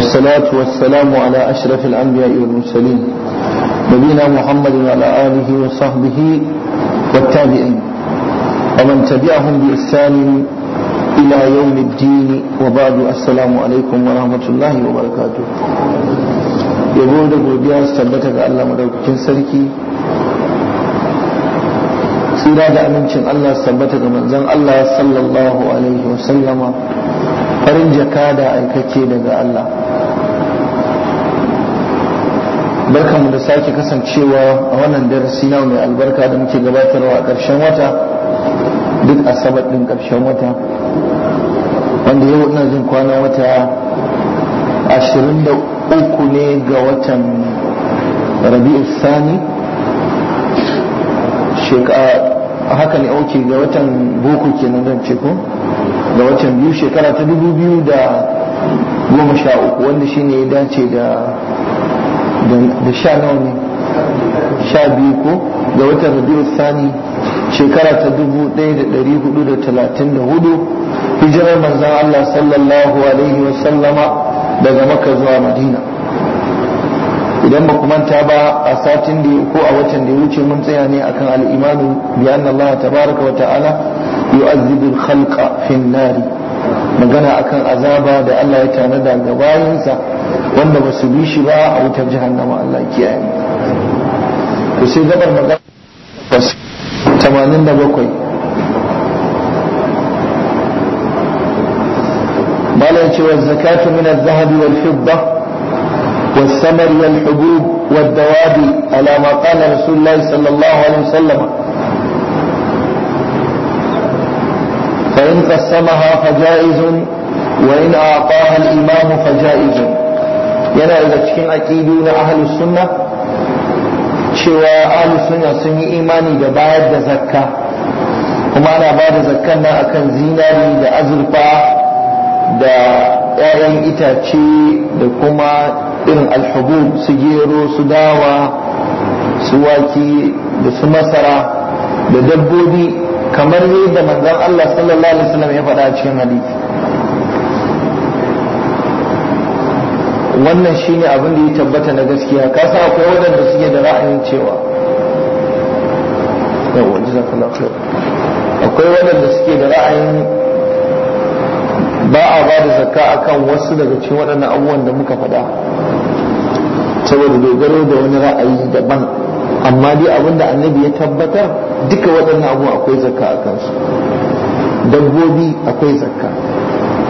والصلاة والسلام على أشرف الأنبياء والمرسلين نبينا محمد وعلى آله وصحبه والتابعين ومن تبعهم بإحسان إلى يوم الدين وبعد السلام عليكم ورحمة الله وبركاته yabo da godiya su tabbata ga Allah madaukakin sarki tsira da amincin Allah su tabbata ga manzon Allah sallallahu alaihi wa sallama farin jaka da aikace daga Allah barkanmu da sake kasancewa a wannan darasi na mai albarka da muke gabatarwa a ƙarshen wata duk asabar ɗin ƙarshen wata wanda yau ina jin kwana wata ashirin da uku ne ga watan rabi'u sani haka ne auki ga watan boko kenan zan ce ko ga watan biyu shekara ta dubu biyu da goma sha uku wanda shi ne ya dace da da sha nawa ne sha biyu ko ga watan rabiu sani shekara ta dubu ɗaya da ɗari hudu da talatin da hudu hijirar manzan allah sallallahu alaihi wasallama daga maka zuwa madina idan ba manta ba a satin da ko a watan da ya wuce mun tsaya ne akan al'imanu bi anna Allah tabaraka wa ta'ala yu'azzibu al-khalqa fi an-nar magana akan azaba da Allah ya tanada ga bayinsa wanda ba su bi shi ba a wutar jahannama Allah kiyaye to sai gabar magana 87 مالك والزكاة من الذهب والفضة والثمر والحبوب والدواب على ما قال رسول الله صلى الله عليه وسلم فإن قسمها فجائز وإن أعطاها الإمام فجائز yana daga cikin aƙidu na ahalus sunna cewa ahalus sunna sun yi imani da bayar da zakka kuma ana ba da zakkan nan akan zinari da azurfa da 'ya'yan itace da kuma irin alhabu su gero su dawa su wake da su masara da dabbobi kamar yadda manzon Allah sallallahu alaihi wasallam ya faɗa cikin hadisi wannan shine abin da ya tabbata na gaskiya ka sa akwai waɗanda suke da ra'ayin cewa akwai waɗanda suke da ra'ayin ba a ba da zakka akan wasu daga cikin waɗannan abubuwan da muka faɗa saboda dogaro da wani ra'ayi daban amma dai abinda annabi ya tabbatar duka waɗannan abu akwai zakka a kansu dabbobi akwai zakka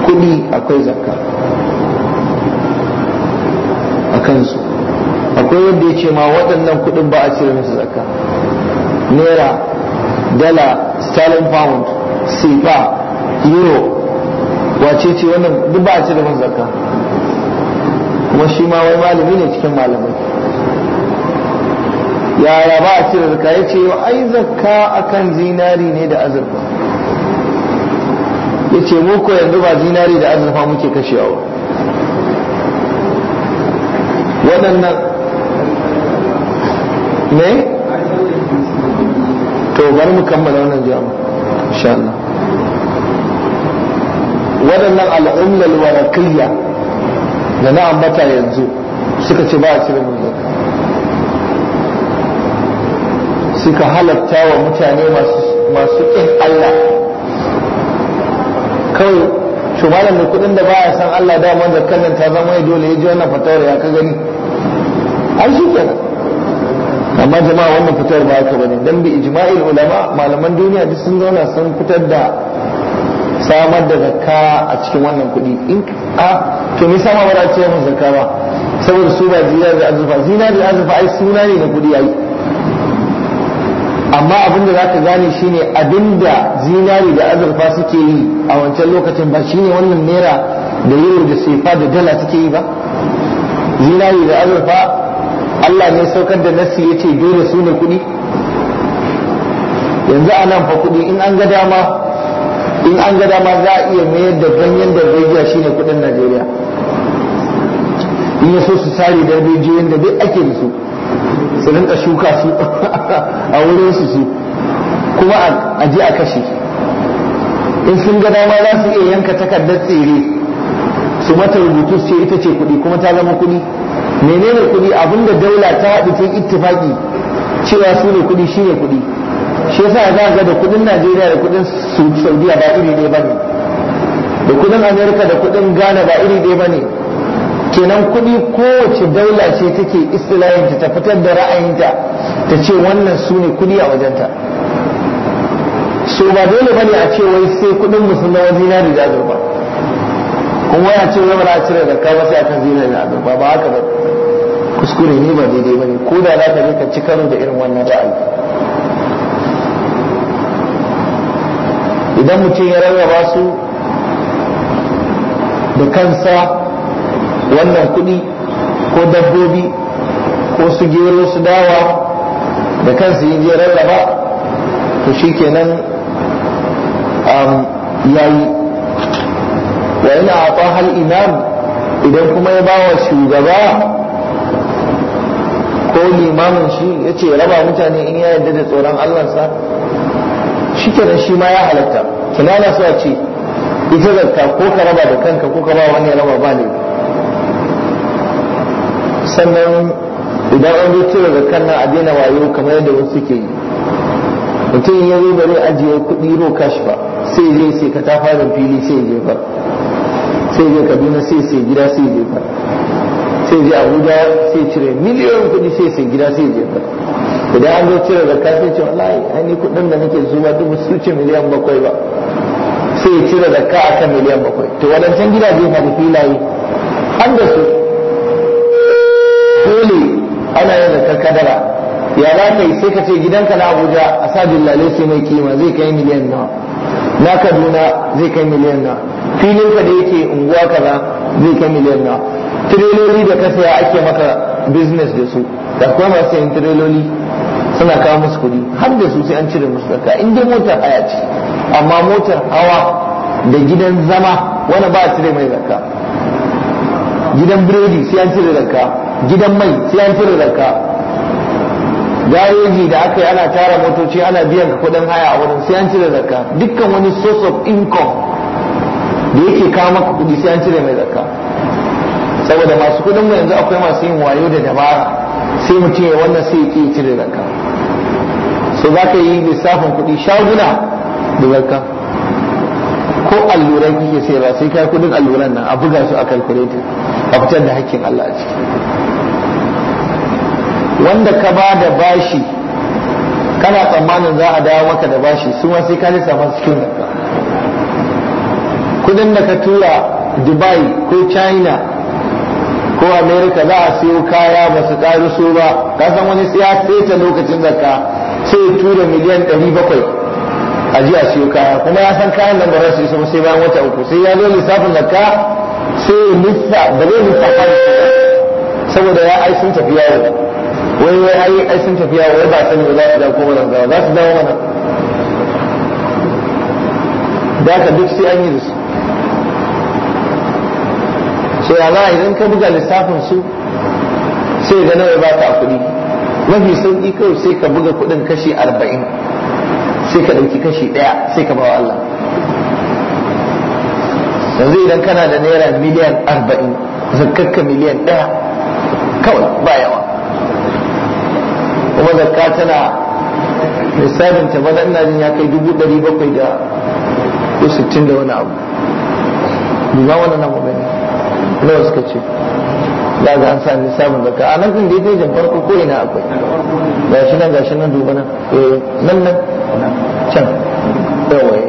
kuɗi akwai zakka a kansu akwai wanda ya ce ma waɗannan kuɗin ba a cire musu zakka naira dala sterling pound sifa euro wace ce wannan duk ba a cire musu zakka kuma shi ma wai malami ne cikin malamai ya ba a cire zakka ya ce ai zakka akan zinari ne da azurfa ya ce muku yanzu ba zinari da azurfa muke kashewa waɗannan ne to bari mu kammala wannan jama'a insha Allah waɗannan al'ummar warakiyya da na ambata yanzu suka ce ba a cire mu suka halatta wa mutane masu ƙin Allah kawai shugaban mai kudin da baya san Allah dama zakkan nan ta zama ya dole ya ji wannan fatawar ya ka gani ai shi kenan amma jama'a wannan fitar ba haka bane dan bi ijma'il ulama malaman duniya duk sun zauna sun fitar da samar da zakka a cikin wannan kuɗi in a to me sama ba za a ce mun zakka ba saboda su ba zinari da azurfa zinari da azurfa ai suna ne na kuɗi ai amma abin da za zaka gane shine abinda zinari da azurfa suke yi a wancan lokacin ba shine wannan naira da euro da sefa da dala suke yi ba zinari da azurfa Allah ne saukar da nassi ya ce dole su ne kudi yanzu a nan fa kuɗi in an ga dama in an ga dama za a iya mayar da ganyen da bai shine kudin Najeriya in ya so su sare da rijiyoyin da duk ake da su su rinka shuka su a wurin su su kuma a je a kashe in sun ga dama za su iya yanka takardar tsere su mata rubutu su ita ce kuɗi kuma ta zama kuɗi menene kuɗi abinda daula ta haɗu ta ittifaki cewa su ne kuɗi shi ne kuɗi shi yasa za ga da kuɗin najeriya da kuɗin saudiya ba iri ɗaya ba ne da kuɗin amerika da kuɗin ghana ba iri ɗaya ba ne kenan kuɗi kowace daula ce take istilayinta ta fitar da ra'ayinta ta ce wannan su ne kuɗi a wajenta so ba dole bane a ce wai sai kuɗin musulman wajen na da ba kuma ya ce zama a cire da kawo sai akan zina da ba haka ba kuskure ne ba daidai bane ko da za ka je ka ci karo da irin wannan ra'ayi idan mutum ya rarraba su da kansa wannan kuɗi ko dabbobi ko su gero su dawa da kansu yi je rarraba to shi kenan um, yayi wa ina a hal imam idan kuma ya bawa shugaba ko limamin shi ya ce raba mutane in ya yarda da tsoron allansa shi kenan shi ma ya halatta tunana su a ce ita zarta ko ka raba da kanka ko ka ba wani ya raba ba ne sannan idan an zo cire da kanna a daina wayo kamar yadda wasu ke yi mutum ya zo bari ajiye kuɗi ro kash ba sai je sai ka ta fara fili sai je ba sai je kaduna sai sai gida sai je ba sai je abuja sai cire miliyoyin kuɗi sai sai gida sai je ba idan an zo cire zakka sai ce wallahi ainihin kuɗin da nake zuwa duk su ce miliyan bakwai ba sai ya cire zakka akan miliyan bakwai to wadancan gidaje ba da filaye an da su ana yin zakar kadara ya za ka yi sai ka ce gidanka na abuja a sa dillale sai mai kima zai kai miliyan na na kaduna zai kai miliyan filin filinka da yake unguwa kaza zai kai miliyan na tireloli da ka saya ake maka business da su da kuma masu yin tireloli suna kawo musu kuɗi har da su sai an cire musu daga in motar haya ce amma motar hawa da gidan zama wani ba a cire mai zakka gidan biredi sai an cire zakka gidan mai sai an cire zakka gareji da aka yi ana tara motoci ana biyan ka kudin haya a wurin sai an cire zakka dukkan wani source of income da yake kawo maka kudi sai an cire mai zakka saboda masu kudin mu yanzu akwai masu yin wayo da dabara sai mutum ya wannan sai ya cire zakka so za ka yi lissafin kudi shaguna da zakka ko allurai kike sai ba sai kai kudin alluran nan a buga su a calculator a fitar da hakkin Allah a ciki wanda ka ba da bashi kana tsammanin za a dawo maka da bashi su ma sai ka ji masu cikin ka kudin da ka tura dubai ko china ko america za a siyo kaya ba su karuso ba ka san wani siya ta lokacin zakka sai tura miliyan 700 a ji a siyo kaya kuma ya san kayan nan ba za su sai bayan wata uku sai ya zo lissafin zakka sai ya lissa ba zai lissa fara saboda ya ai sun tafi yawo wai wai ai ai sun tafi yawo ba sani ba za su dawo ko ba za su dawo mana da ka duk sai an yi da su sai ya za idan ka buga lissafin su sai ga nawa ba ka kuɗi mafi sauƙi kawai sai ka buga kuɗin kashi arba'in sai ka ɗauki kashi ɗaya sai ka bawa Allah yanzu idan kana da naira miliyan arba'in zakkarka miliyan ɗaya kawai ba yawa kuma zakka tana lissafin ta ba ina jin ya kai dubu ɗari bakwai da sittin da wani abu duba wani nan mu gani wasu suka ce za ga an sa samun zakka a nan kan daidai jan farko ko ina akwai gashi nan gashi nan duba nan eh nan nan can yawa eh.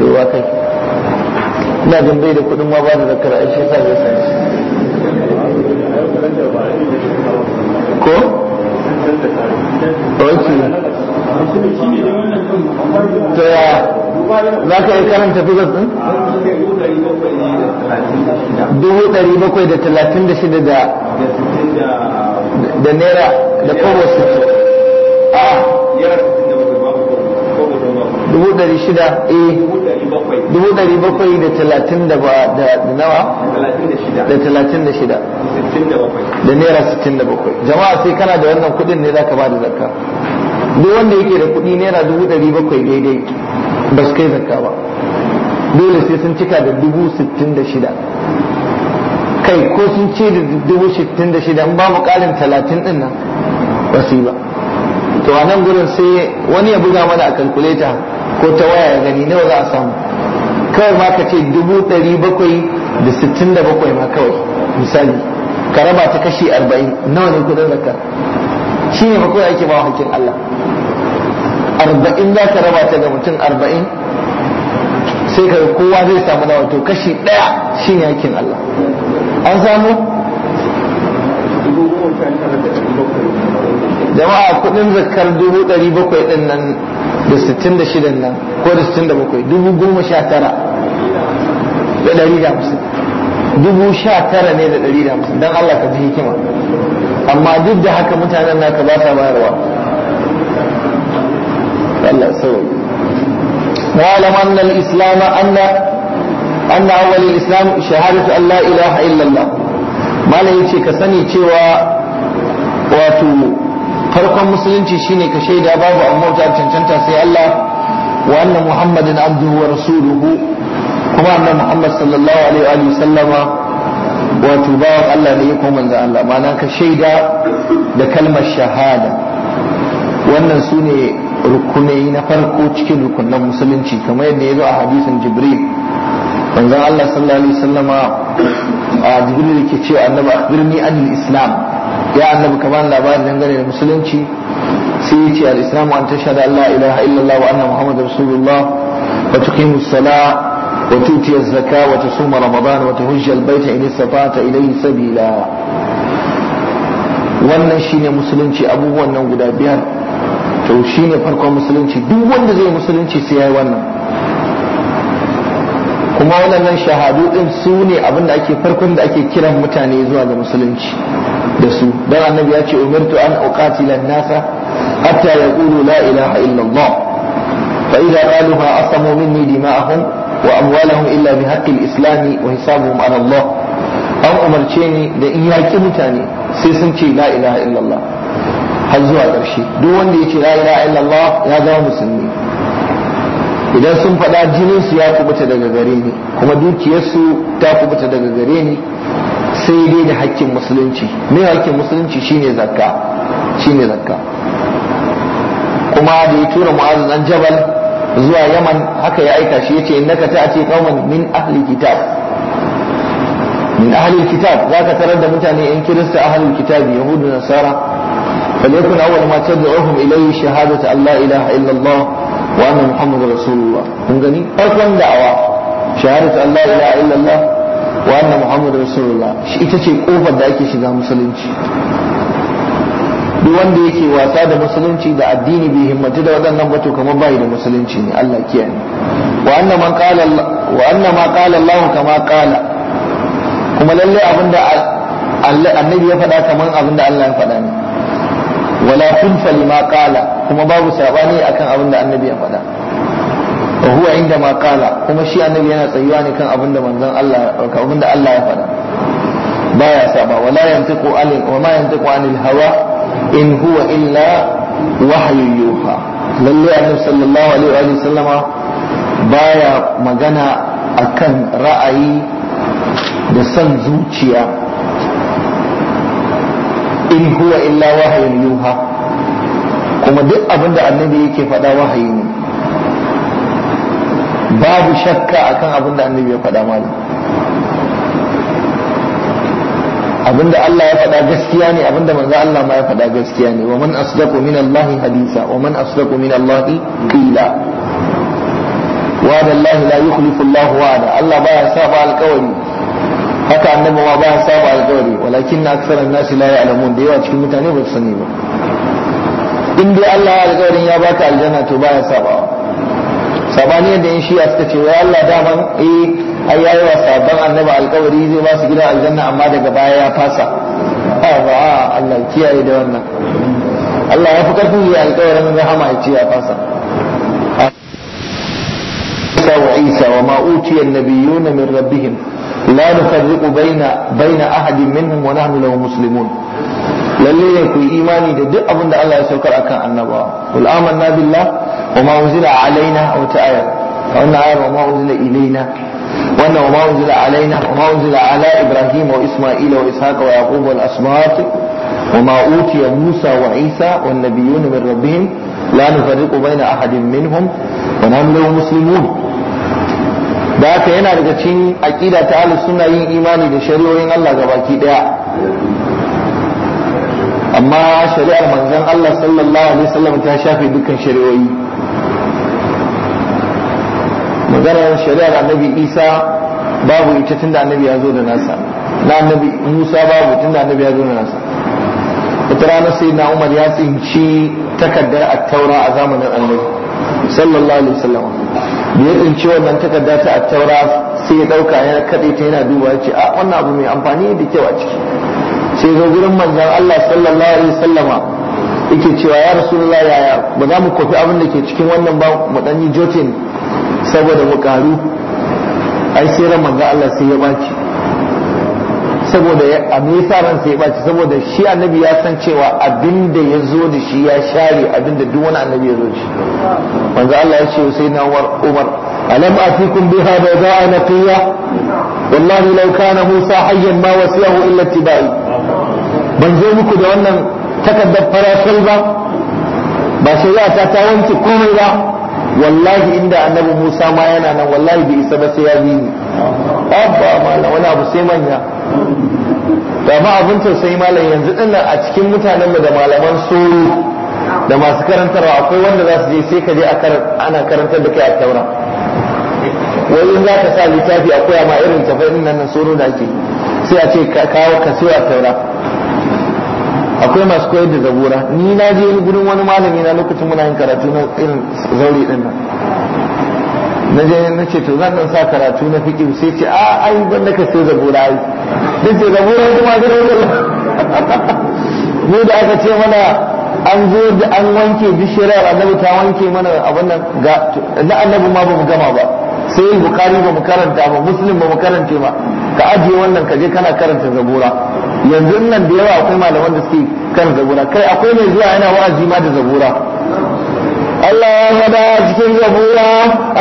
duba kai ina jin bai da kudin ma ba da zakar a shi sa zai sani ko ok ta yaya za ka yi karanta fi ɗin? dubu ɗari bakwai da talatin da shida da da naira da kowace a ah! dubu dari shida eh dubu dari bakwai da talatin da ba da nawa da talatin da shida da naira sittin da bakwai jama'a sai kana da wannan kuɗin ne za ka ba da zakka duk wanda yake da kuɗi naira dubu dari bakwai daidai ba su kai zakka ba dole sai sun cika da dubu sittin da shida kai ko sun ce da dubu sittin da shida in mu ƙarin talatin ɗin nan ba su yi ba to a nan gurin sai wani ya buga mana a kalkuleta ko ta waya gani nawa za a samu kawai ma ka ce dubu ɗari bakwai da sittin da bakwai ma kawai misali ka raba ta kashi arba'in nawa ne kudin zakka shi ne bakwai kawai ake ba hakkin Allah arba'in za ka raba ta ga mutum arba'in sai ka kowa zai samu nawa to kashi ɗaya shi ne hakkin Allah an samu jama'a kudin zakkar dubu ɗari bakwai ɗin nan da 66 nan ko da 67 dubu goma sha tara da ɗari da hamsin dubu sha tara ne da ɗari da hamsin don Allah ka fi hikima amma duk da haka mutanen naka ba sa bayarwa Allah sau ma'alama na islama anna anna awal islam shahadatu Allah ilaha illallah malai ce ka sani cewa wato farkon musulunci shine ka shaida babu an bauta cancanta sai Allah wa anna muhammadin abduhu wa rasuluhu kuma annan muhammad sallallahu alaihi wa sallama wato bawan Allah ne ko manzo Allah ma'ana ka shaida da kalmar shahada wannan sune rukunai na farko cikin rukunan musulunci kamar yadda ya zo a hadisin jibril manzon Allah sallallahu alaihi wa sallama a jibril yake cewa annabi akhbirni anil islam ya annabi kamar labarin dangane da musulunci sai ya ce al-islamu an tashhadu an la ilaha illallah wa anna muhammadar rasulullah wa tuqimu as-salah وتؤتي الزكاة وتصوم رمضان وتهج البيت إن استطعت إليه سبيلا wannan shine musulunci abubuwan nan guda biyar to shine farkon musulunci duk wanda zai musulunci sai yayi wannan kuma wannan shahadu din su ne da ake farkon da ake kiran mutane zuwa ga musulunci da su dan annabi ya ce umirtu an uqatila an-nasa hatta yaqulu la ilaha illa Allah fa a qaluha asamu minni dima'ahum wa amwalahum illa bi haqqi al-islam wa hisabuhum ala Allah an umarce ni da in yaki mutane sai sun ce la ilaha illa Allah har zuwa ƙarshe duk wanda ya ce la ilaha illa Allah ya zama musulmi idan sun faɗa jinin su ya kubuta daga gare ni kuma dukiyarsu ta kubuta daga gare ni sai dai da hakkin musulunci me hakkin musulunci shine zakka shine zakka kuma da ya tura mu'azu dan jabal zuwa yaman haka ya aika shi yace innaka ta'ati qauman min ahli kitab min ahli kitab zaka tarar da mutane yan kirista ahli kitab da nasara فليكن أول ما تدعوهم إليه شهادة أن لا إله illa الله وأن محمد رسول الله kun gani farkon da'awa shahadatu Allah ila illallah wa anna muhammadu rasulullah shi ita ce kofar da ake shiga musulunci duk wanda yake wasa da musulunci da addini bai himmatu da waɗannan ba to kamar bai da musulunci ne Allah kiyaye wa anna man qala ma qala Allah kama qala kuma lalle abinda Allah annabi ya faɗa kamar abinda Allah ya faɗa ne wala tunfa lima qala kuma babu sabani akan abinda annabi ya faɗa wa huwa inda ma qala kuma shi annabi yana tsayuwa ne kan abinda manzon Allah kan abinda Allah ya faɗa baya saba wala yantiqu alil wa ma yantiqu anil hawa in huwa illa wahyu yuha lalle annabi sallallahu alaihi wa sallama baya magana akan ra'ayi da son zuciya in huwa illa wahyu yuha kuma duk abinda annabi yake faɗa wahayi ne babu shakka akan abin da annabi ya faɗa malam abin da Allah ya faɗa gaskiya ne abin da manzo Allah ma ya faɗa gaskiya ne wa man asdaqu min Allah hadisa wa man asdaqu min Allah qila wa'ada Allah la yukhlifu Allah wa'ada Allah baya saba alƙawari haka annabi ma baya saba alƙawari walakin aktharan nasi la ya'lamun da yawa cikin mutane ba su sani ba in dai Allah ya alƙawarin ya baka aljanna to baya sabawa sabani yadda yan shi'a suka ce wai Allah daman eh ai yayi wa sabon annabi alƙawari zai ba su gida aljanna amma daga baya ya fasa a ba Allah kiyaye da wannan Allah ya fi karfin yi alƙawarin rahama ya ce ya fasa وعيسى وما أوتي min من la لا نفرق بين بين أحد منهم ونحن له مسلمون lalle ne ku yi imani da duk abin da Allah ya saukar akan annabawa kul amanna billah wa ma unzila alaina a wata ayar a wannan ayar wa ma unzila ilaina wannan wa ma unzila alaina wa ma unzila ala ibrahim wa isma'ila wa ishaqa wa yaqub wal asbat wa ma utiya musa wa isa wan min ahadin minhum wa da haka yana daga cikin aƙida ta Ali suna yin imani da shari'o'in Allah baki ɗaya amma shari'ar manzon Allah sallallahu alaihi wasallam ta shafe dukkan shari'o'i maganar shari'ar annabi isa babu ita tun da annabi ya zo da nasa na annabi musa babu tun da annabi ya zo da nasa wata ranar sai na umar ya tsinci takardar attaura a zamanin annabi sallallahu alaihi wasallam da ya tsinci wannan takarda ta attaura sai ya dauka ya kaɗe ta yana duba ya ce a ah, wannan abu mai amfani da kyau a ciki sai zo gurin manzan Allah sallallahu alaihi wasallama yake cewa ya rasu yaya ba za mu kofi abin da ke cikin wannan ba mu ɗan yi jotin saboda mu ai sai ran manzo Allah sai ya baci saboda a me yasa ran sai ya baci saboda shi annabi ya san cewa abinda ya zo da shi ya share abinda duk wani annabi ya zo shi manzo Allah ya ce sai na Umar alam atikum biha bayda'a naqiya wallahi law kana Musa hayyan ma wasiyahu illa tibai ban zo muku da wannan takaddar farasal ba ba shari'a ta ta wanke komai ba wallahi inda annabi Musa ma yana nan wallahi bai isa ba sai ya bi ni abba malam wani abu sai manya da ma abin tausayi malam yanzu din nan a cikin mutanen mu da malaman soro da masu karantarwa akwai wanda za su je sai ka je ana karantar da kai a taura wai in za ka sa littafi akwai ma irin tafai nan nan soro da ake sai a ce ka kawo ka sai a taura akwai masu koyar da zabura ni na je gurin wani malami na lokacin muna yin karatu na irin zauri din nan na je na ce to zan dan sa karatu na fiki sai ce a ah, ai ban da ka sai zabura ai din ce zabura kuma ga Ni da aka ce mana an zo da an wanke bishirar annabi ta wanke mana abin nan ga da annabi ma ba mu gama ba sai bukari ba mu karanta ba muslim ba mu karanta ba ka ajiye wannan ka je kana karanta zabura yanzu nan da yawa akwai malaman da suke kan zabura kai akwai mai zuwa yana wa'azi ma da zabura Allah ya gada cikin zabura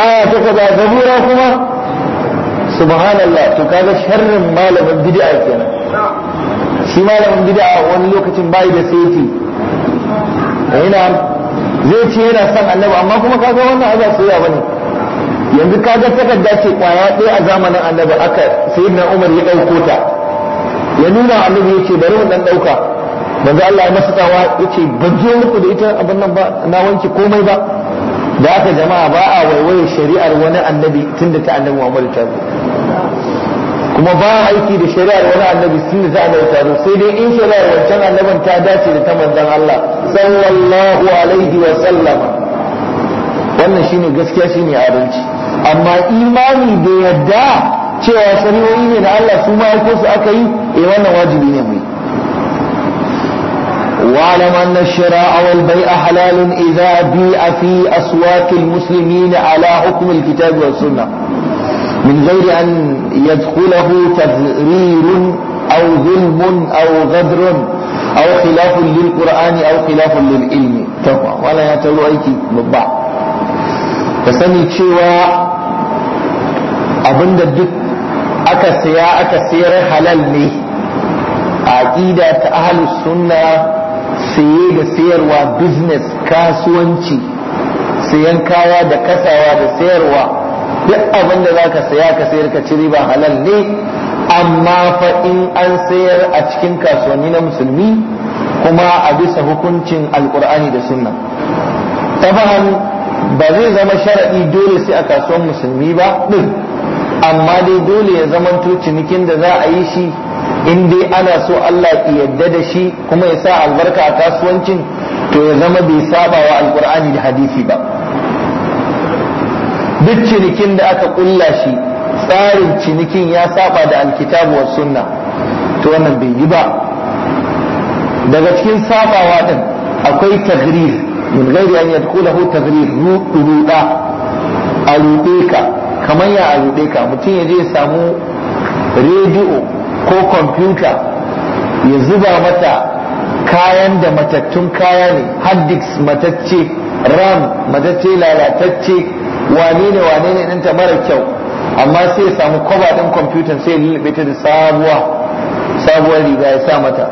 aya ta kaza zabura kuma subhanallah to kaga sharrin malamin bid'a kenan shi malamin bid'a wani lokacin bai da saiti yana zai ce yana son annabi amma kuma kaga wannan aza soyayya bane yanzu kaga takarda ce kwaya ɗaya a zamanin annabi aka sayyidina Umar ya ɗauko ta ya nuna annabi yace bari mu ɗauka ɗauka manzo Allah ya masa tsawa ce ban je muku da ita abin nan ba na wanke komai ba da aka jama'a ba a waiwaye shari'ar wani annabi tunda ta annabi wa ta zo kuma ba aiki da shari'ar wani annabi tunda za a ta zo sai dai in shari'ar wancan annabin ta dace da ta manzan Allah sallallahu alaihi wa sallama wannan shine gaskiya shine adalci amma imani da yadda cewa shari'o'i ne da Allah su ma ko su aka yi eh wannan wajibi ne mu واعلم أن الشراء والبيع حلال إذا بيع في أسواق المسلمين على حكم الكتاب والسنة من غير أن يدخله تغرير أو ظلم أو غدر أو خلاف للقرآن أو خلاف للعلم تقوى ولا يتلو أيكي ببعض ka sani cewa abinda duk aka siya aka siyar halal ne aƙida ta ahalus sunna siye da siyarwa business kasuwanci siyan kaya da kasawa da sayarwa duk abinda da ka saya ka sayar ka ci riba halal ne amma fa in an sayar a cikin kasuwanni na musulmi kuma a bisa hukuncin Alƙur'ani da sunna fahimta ba zai zama sharaɗi dole sai a kasuwan musulmi ba ɗin amma dai dole ya zamanto cinikin da za a yi shi in dai ana so Allah ya yadda da shi kuma ya sa albarka a kasuwancin to ya zama bai saba wa alkur'ani da hadisi ba duk cinikin da aka kulla shi tsarin cinikin ya saba da alkitabu wa sunna to wannan bai yi ba daga cikin sabawa din akwai tagrir min ghairi an yadkhulahu tagrir ruɗa a kamar ya a rude ka mutum ya je samu rediyo ko kwamfuta ya zuba mata kayan da matattun kaya ne hardix matacce ram matacce lalatacce wane ne wane ne ɗinta mara kyau amma sai ya samu kwaba ɗin kwamfuta sai ya lullube ta da sabuwa sabuwar riga ya sa mata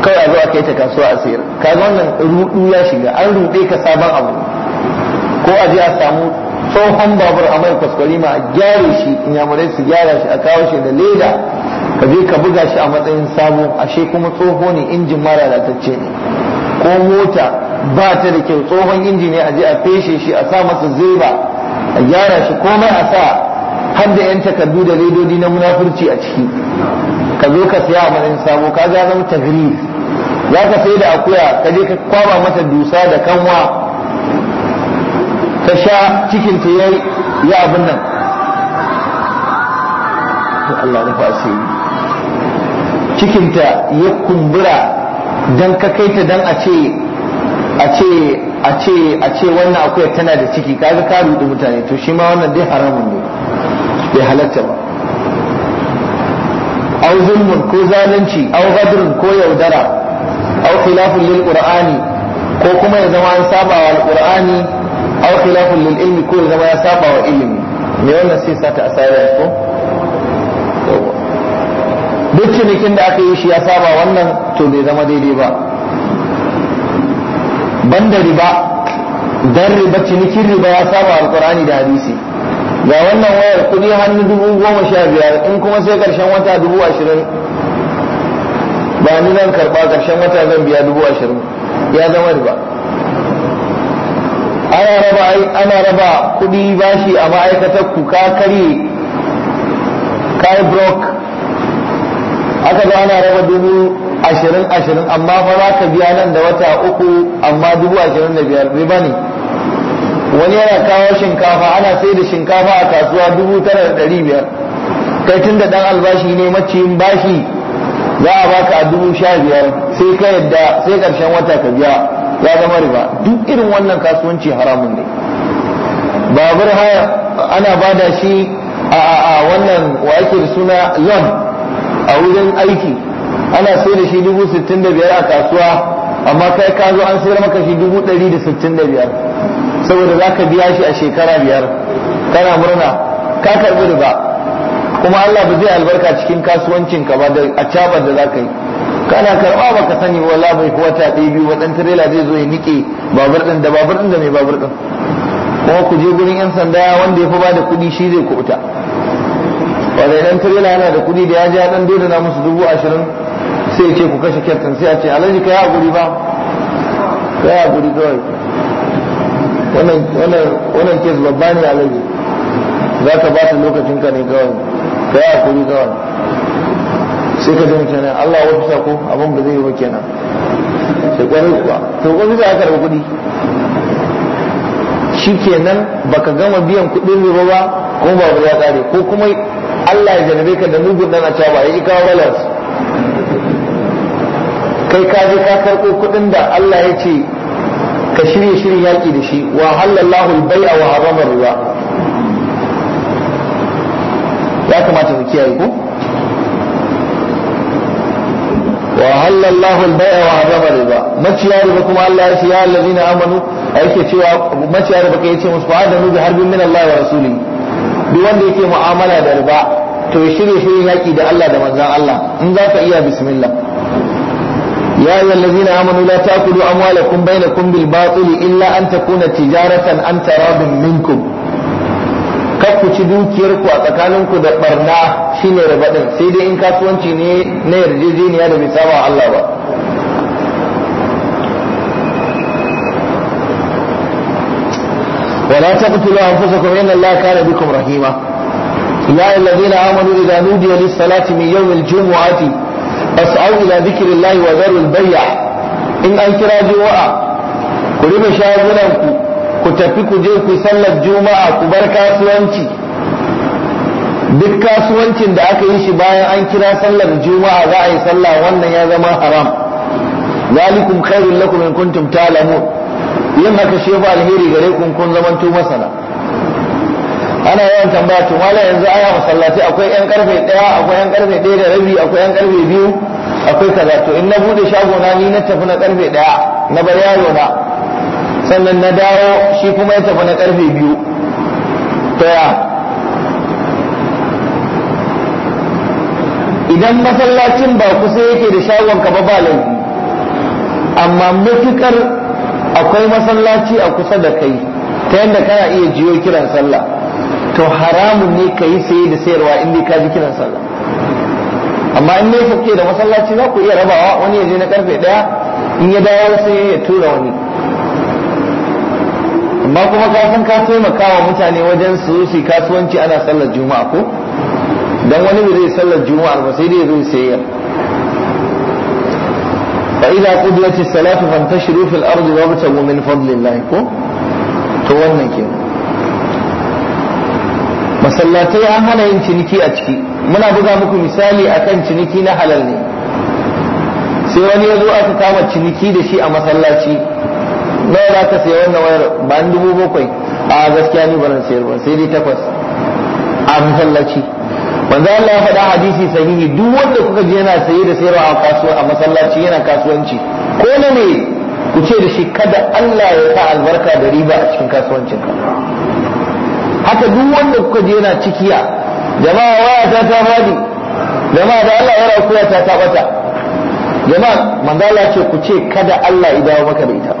kawai a zo a kai ta kasuwa a sayar kaga wannan rudu ya shiga an rude ka sabon abu ko a je a samu tsohon babur a mai kwaskwari ma a gyara shi yamurai su gyara shi a kawo shi da leda ka je ka buga shi a matsayin sabo ashe kuma tsoho ne injin mara lalatacce ne ko mota ba ta da kyau tsohon inji ne a je a feshe shi a sa masa zeba a gyara shi komai a sa har da yan takardu da ledodi na munafurci a ciki ka zo ka saya a matsayin sabo ka ga zama tagrir za ka sai da akuya ka je ka kwaba mata dusa da kanwa ta yayi cikinta ya yi abin nan Allah rufa cikin cikinta ya kumbura don ka kai ta don a ce a ce a ce a ce wannan akwai tana da ciki kaga ka rudu mutane to shi ma wannan dai haramun ne bai halatta ba au zulmun ko zalunci au gadrun ko yaudara au khilafun lil qur'ani ko kuma ya zama an saba wa alqur'ani aw khilafun lil ilmi ko zama ya saba wa ilimi me wannan sai sa ta asara ko duk cinikin da aka yi shi ya saba wannan to bai zama daidai ba banda riba dan riba cinikin riba ya saba alqur'ani da hadisi ga wannan wayar kudi hannu dubu goma sha biyar in kuma sai karshen wata dubu ashirin ba ni zan karba karshen wata zan biya dubu ashirin ya zama riba ana raba ana raba kuɗi bashi a ma'aikatar ku ka kare kai brok aka ga ana raba dubu ashirin ashirin amma fa za ka biya nan da wata uku amma dubu ashirin da biyar bai bane wani yana kawo shinkafa ana sai da shinkafa a kasuwa dubu tara da ɗari biyar kai tun da ɗan albashi ne maciyin bashi za a baka dubu sha biyar sai ka yadda sai karshen wata ka biya ya zama riba duk irin wannan kasuwanci haramun ne babur haya ana bada shi a wannan wa ake da suna loan a wurin aiki ana sai da shi dubu sittin da biyar a kasuwa amma kai ka zo an sayar maka shi dubu ɗari da sittin da biyar saboda za ka biya shi a shekara biyar kana murna ka karɓi riba kuma Allah ba zai albarka cikin kasuwancinka ba da acabar da za ka yi kana karɓa ba ka sani wala mai kuwa ta ɗaya biyu dan tirela zai zo ya niƙe babur ɗin da babur ɗin da mai babur ɗin kuma ku je gurin 'yan sanda wanda ya fi ba da kuɗi shi zai kuɓuta wanda idan tirela yana da kuɗi da ya ji ɗan dole na musu dubu ashirin sai ce ku kashe kyartan sai a ce alhaji ka yi haƙuri ba kai haƙuri kawai wannan kes babba ne alhaji za ka ba ta lokacin ka ne kawai ka yi hakuri kawai sai ka ji mutane Allah ya wata ko abin ba zai yi ba kenan sai kwarai kuwa to kwarai za a karɓi kuɗi shi kenan baka gama biyan kuɗin riba ba kuma ba ya ƙare ko kuma Allah ya jarabe ka da mugun dan a ba ya kawo balance kai ka je ka karɓo kuɗin da Allah ya ce ka shirye shirin yaƙi da shi wa halallahu al-bai'a wa haramar riba ya kamata mu kiyaye ko wa halallahu al-bai'a wa harrama riba maciya riba kuma Allah ya ce ya allazina amanu yake cewa maciya riba kai ce musu fa'adanu bi harbin min Allah wa rasuli duk wanda yake mu'amala da riba to shirye shirye yaki da Allah da manzon Allah in za ka iya bismillah يا أيها الذين آمنوا لا تأكلوا أموالكم بينكم بالباطل إلا أن تكون تجارة عن تراب منكم ku ci dukiyarku a tsakaninku da barna shine rabadin sai dai in kasuwanci ne na yarjejeniya da bai saba Allah ba wala taqtulu anfusakum inna Allah kana bikum rahima ya ayyuhallazina amanu idza nudiya lis-salati min yawmil jumu'ati fas'au ila dhikrillahi wa dharul bay'a in an kira juma'a ku rubu ku. ku tafi ku je ku sallar juma'a ku bar kasuwanci duk kasuwancin da aka yi shi bayan an kira sallar juma'a za a yi sallah wannan ya zama haram zalikum khairul lakum in kuntum ta'lamun yin haka shi ba alheri gare kun kun zamanto masana ana yawan tambaya to wala yanzu aya masallati akwai yan karfe daya akwai yan karfe daya da rabi akwai yan karfe biyu akwai kaza to in na bude shago na ni na tafi na karfe daya na bar yaro na sannan na dawo shi kuma ya tafi na karfe biyu ta ya idan masallacin ba kusa yake da shagon ka ba ba amma matukar akwai masallaci a kusa da kai ta yadda kana iya jiyo kiran sallah to haramun ne ka yi saye da sayarwa inda ka ji kiran sallah amma in ne fuke da masallaci za ku iya rabawa wani ya je na karfe daya in ya dawo sai ya tura wani amma kuma ka san ka taimaka wa mutane wajen su su kasuwanci ana sallar juma'a ko dan wani ba zai sallar juma'a ba sai dai zai sayar fa idza qudiyat as-salat fantashiru fil ardi wabtagu min fadlillah ko to wannan ke masallatai an hana yin ciniki a ciki muna buga muku misali akan ciniki na halal ne sai wani ya zo aka kama ciniki da shi a masallaci nawa za ka siya wannan wayar ba dubu bakwai a gaskiya ni ba zan sayar ba sai dai takwas a masallaci wanda Allah ya faɗa hadisi sahihi duk wanda kuka je yana saye da sayarwa a kasuwa a masallaci yana kasuwanci ko na ne ku ce da shi kada Allah ya sa albarka da riba a cikin kasuwancin ka haka duk wanda kuka je yana cikiya jama'a waya ta ta fadi jama'a da Allah ya rakuya ta ta bata jama'a manzo Allah ce ku ce kada Allah ya dawo maka da ita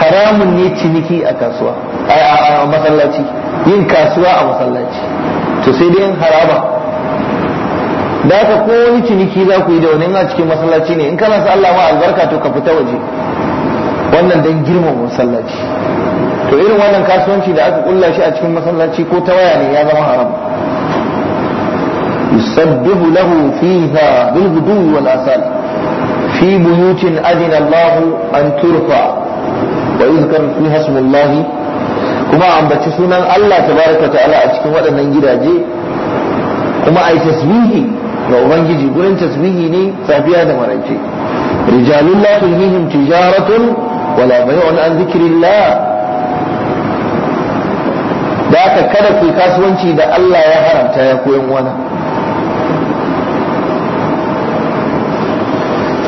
haramun ne ciniki a kasuwa a masallaci yin kasuwa a masallaci to sai dai yin haraba da ka ko wani ciniki za ku yi da wani a cikin masallaci ne in kana sa Allah ma albarka to ka fita waje wannan dan girman masallaci to irin wannan kasuwanci da aka kulla shi a cikin masallaci ko ta waya ne ya zama haram yusabbihu lahu fiha bil wal asal fi buyutin adina Allah an turfa wa yuzkar fi ambaci sunan Allah ta tabaraka ta'ala a cikin waɗannan gidaje kuma ai tasbihi ga ubangiji gurin tasbihi ne safiya da maraice rijalun la tulhihim tijaratun wala bay'un an dhikrillah da aka kada ku kasuwanci da Allah ya haramta ya koyan wani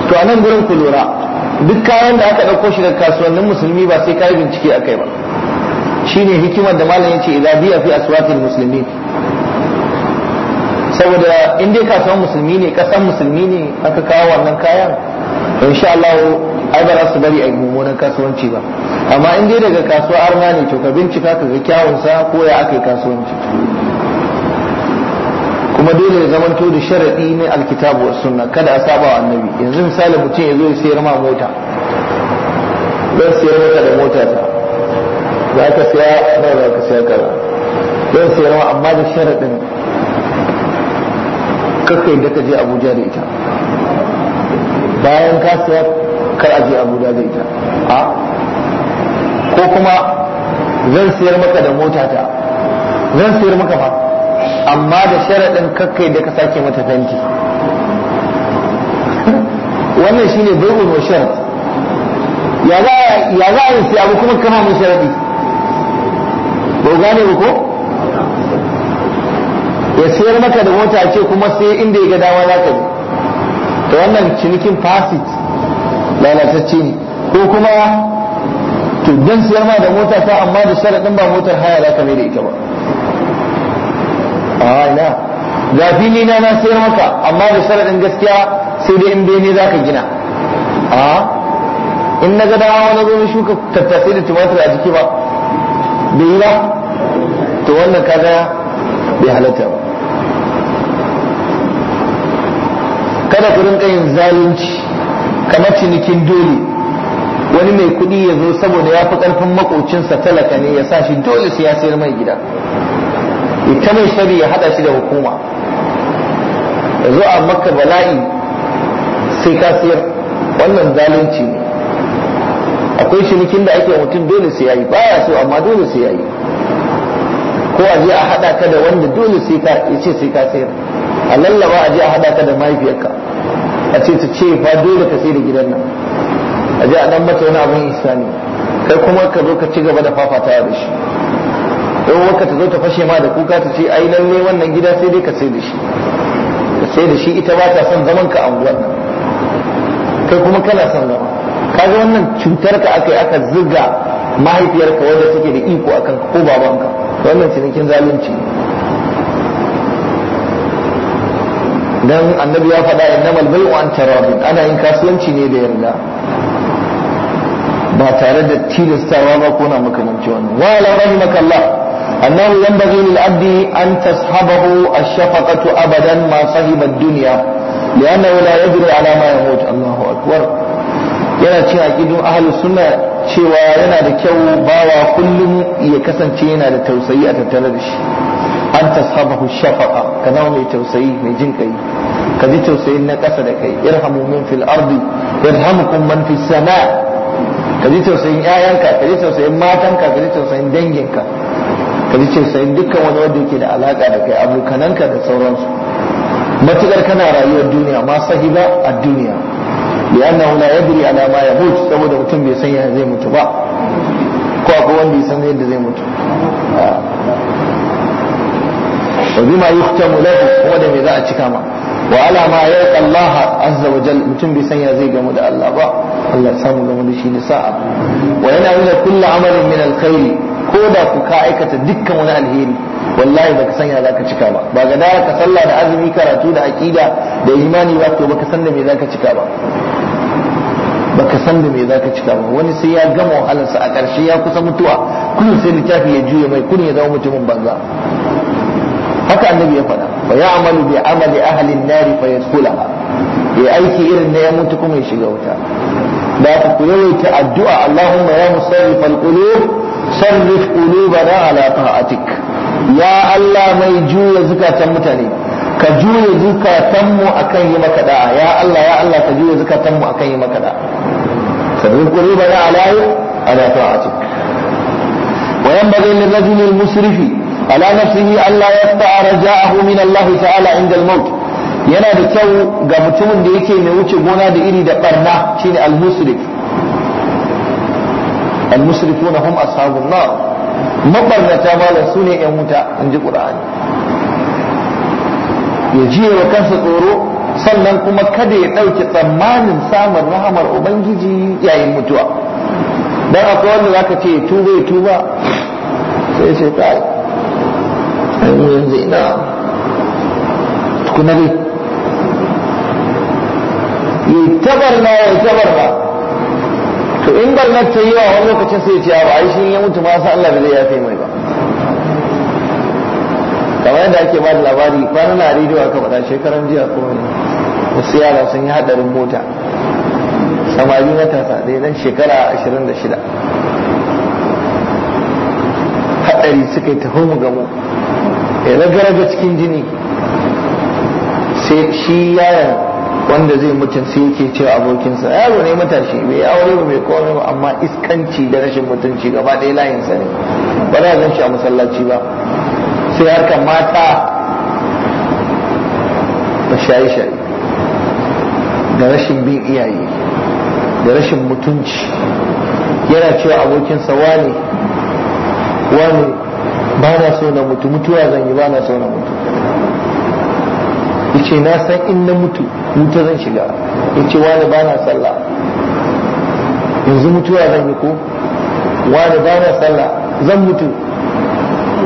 to anan gurin ku lura duk kayan da aka ɗauko shi daga kasuwannin musulmi ba sai kayi bincike akai ba shine hikimar da malam ce idan biya fi aswatil muslimin saboda in dai kasuwan musulmi ne kasan musulmi ne aka kawo wannan kayan insha Allah ai ba za su bari a mummunan kasuwanci ba amma in dai daga kasuwa arma ne to ka bincika ka ga kyawunsa ko ya aka yi kasuwanci kuma dole ya to da sharadi ne alkitabu wa sunna kada a saba wa annabi yanzu misali mutum ya zo ya sayar ma mota zan sayar maka da mota ta za ka saya na za ka saya kaza zan sayar ma amma da sharaɗin kakai da ka je abuja da ita bayan ka saya kar a je abuja da ita a ko kuma zan sayar maka da mota ta zan sayar maka ba amma da sharaɗin kakkai da ka sake mata fenti wannan shine bai wa sharat ya za a yi sai abu kuma kama mun sharaɗi ba gane ko ya sayar maka da mota ce kuma sai inda ya ga dama za ka bi da wannan cinikin fasit lalatacce ne ko kuma to don siyar ma da mota ta amma da sharaɗin ba motar haya za ka mai da ita ba a ina fili na na sayar maka amma da sharadin gaskiya sai dai in bene za ka gina a in na ga dawa na zo shuka tattase da tumatir a jiki ba bai yi ba to wannan gaya. bai halatta ba kada ku rinka yin zalunci kamar cinikin dole wani mai kuɗi ya zo saboda ya fi ƙarfin makocinsa talaka ne ya sa shi dole sai ya sayar mai gida ita mai shari ya hada shi da hukuma ya zo a maka bala'i sai ka siyar wannan zalunci ne akwai cinikin da ake mutum dole sai yayi baya so amma dole sai yayi ko a je a hada ka da wanda dole sai ka ce sai ka sayar a lallaba a je a hada ka da mahaifiyarka a ce ta ce fa dole ka sai da gidan nan a je a dan mata wani abin isani kai kuma ka zo ka ci gaba da fafata da shi waka ta zo ta fashe ma da kuka ta ce ai lalle wannan gida sai dai ka sai da shi ka sai da shi ita ba ta son zaman ka anguwar kai kuma kana son zama kaga wannan cutar ka aka aka ziga mahaifiyarka wadda take da iko akan ko babanka wannan cinikin zalunci dan annabi ya faɗa innamal bai'u an taradin ana yin kasuwanci ne da yarda ba tare da tilastawa ba ko na makamanci wannan wa la rahimaka Allah أنه ينبغي للعبد أن تصحبه الشفقة أبدا ما صحب الدنيا لأنه لا يدري على ما يموت الله أكبر yana ce a ahlu suna cewa yana da kyau bawa kullum ya kasance yana da tausayi a tattare da shi an tashabahu shafaqa ka zama mai tausayi mai jin kai ka ji tausayin na ƙasa da kai irhamu min fil ardi yarhamukum man fis sama ka ji tausayin ƴaƴanka ka ji tausayin matanka ka ji tausayin danginka ka ce cin sayin dukkan wani wanda yake da alaka da kai abokananka da sauransu matukar kana rayuwar duniya ma sahiba a duniya Yana wula ya yadri alama ya yamut saboda mutum bai san ya zai mutu ba ko akwai wanda ya san yadda zai mutu wa bima yuhtamu lahu kuma da me za a cika ma wa ala ma yaqa Allah azza wa jal mutum bai san ya zai gamu da Allah ba Allah ya samu gamu da shi da sa'a wa yana nuna kullu amalin min alkhairi ko da ku ka aikata dukkan wani alheri wallahi baka sanya za ka cika ba ba ga dara ka sallah da azumi karatu da aƙida da imani ba to baka san da me za ka cika ba baka san da me za ka cika ba wani sai ya gama wahalarsa a ƙarshe ya kusa mutuwa kullum sai littafi ya juye mai kun ya zama mutumin banza haka annabi ya faɗa fa ya'malu bi amali ahli an-nari fa yadkhulaha ya aiki irin na ya mutu kuma ya shiga wuta da ku yawaita addu'a Allahumma ya musarrif al-qulub sarrif qulubana ala ta'atik ya Allah mai juya zukatan mutane ka juya zukatanmu akan yi maka da'a ya Allah ya Allah ka juya zukatanmu akan yi maka da'a sarrif qulubana ala ala ta'atik وينبغي للرجل المسرف على نفسه ألا يقطع رجاءه من الله تعالى عند الموت yana da kyau ga mutumin da yake mai wuce gona da iri da barna shine al-musrif al-musrifuna hum ashabun nar mabarnata malam su ne yan wuta in ji qur'ani ya jiye wa kansa tsoro sannan kuma kada ya ɗauki tsammanin samun rahamar ubangiji yayin mutuwa dan akwai wanda zaka ce tuba ya tuba sai sai kai yanzu ina tukuna dai yi tabarna ya tabarna to in barnar ta yi wa wani lokacin sai ce ba ai shi ya mutu ma san Allah bai yafe mai ba kamar yadda ake ba da labari kwanan na rido aka faɗa shekaran jiya ko wani wasu yara sun yi hadarin mota samari na matasa ɗaya nan shekara ashirin da shida haɗari suka yi taho mu gamu ya raga cikin jini sai shi yaron wanda zai mutum sai yake ce abokinsa yaro ne matashi bai aure ba mai komai ba amma iskanci da rashin mutunci gaba ɗaya layinsa ne ba za a shi a masallaci ba sai harkar mata ba shaye shaye da rashin bin iyaye da rashin mutunci yana cewa abokinsa wani wani ba na so na mutu mutuwa zan yi ba na so na mutu yace na san in na mutu mutu zan shiga yace wani ba na sallah yanzu mutuwa zan yi ko wani ba na sallah zan mutu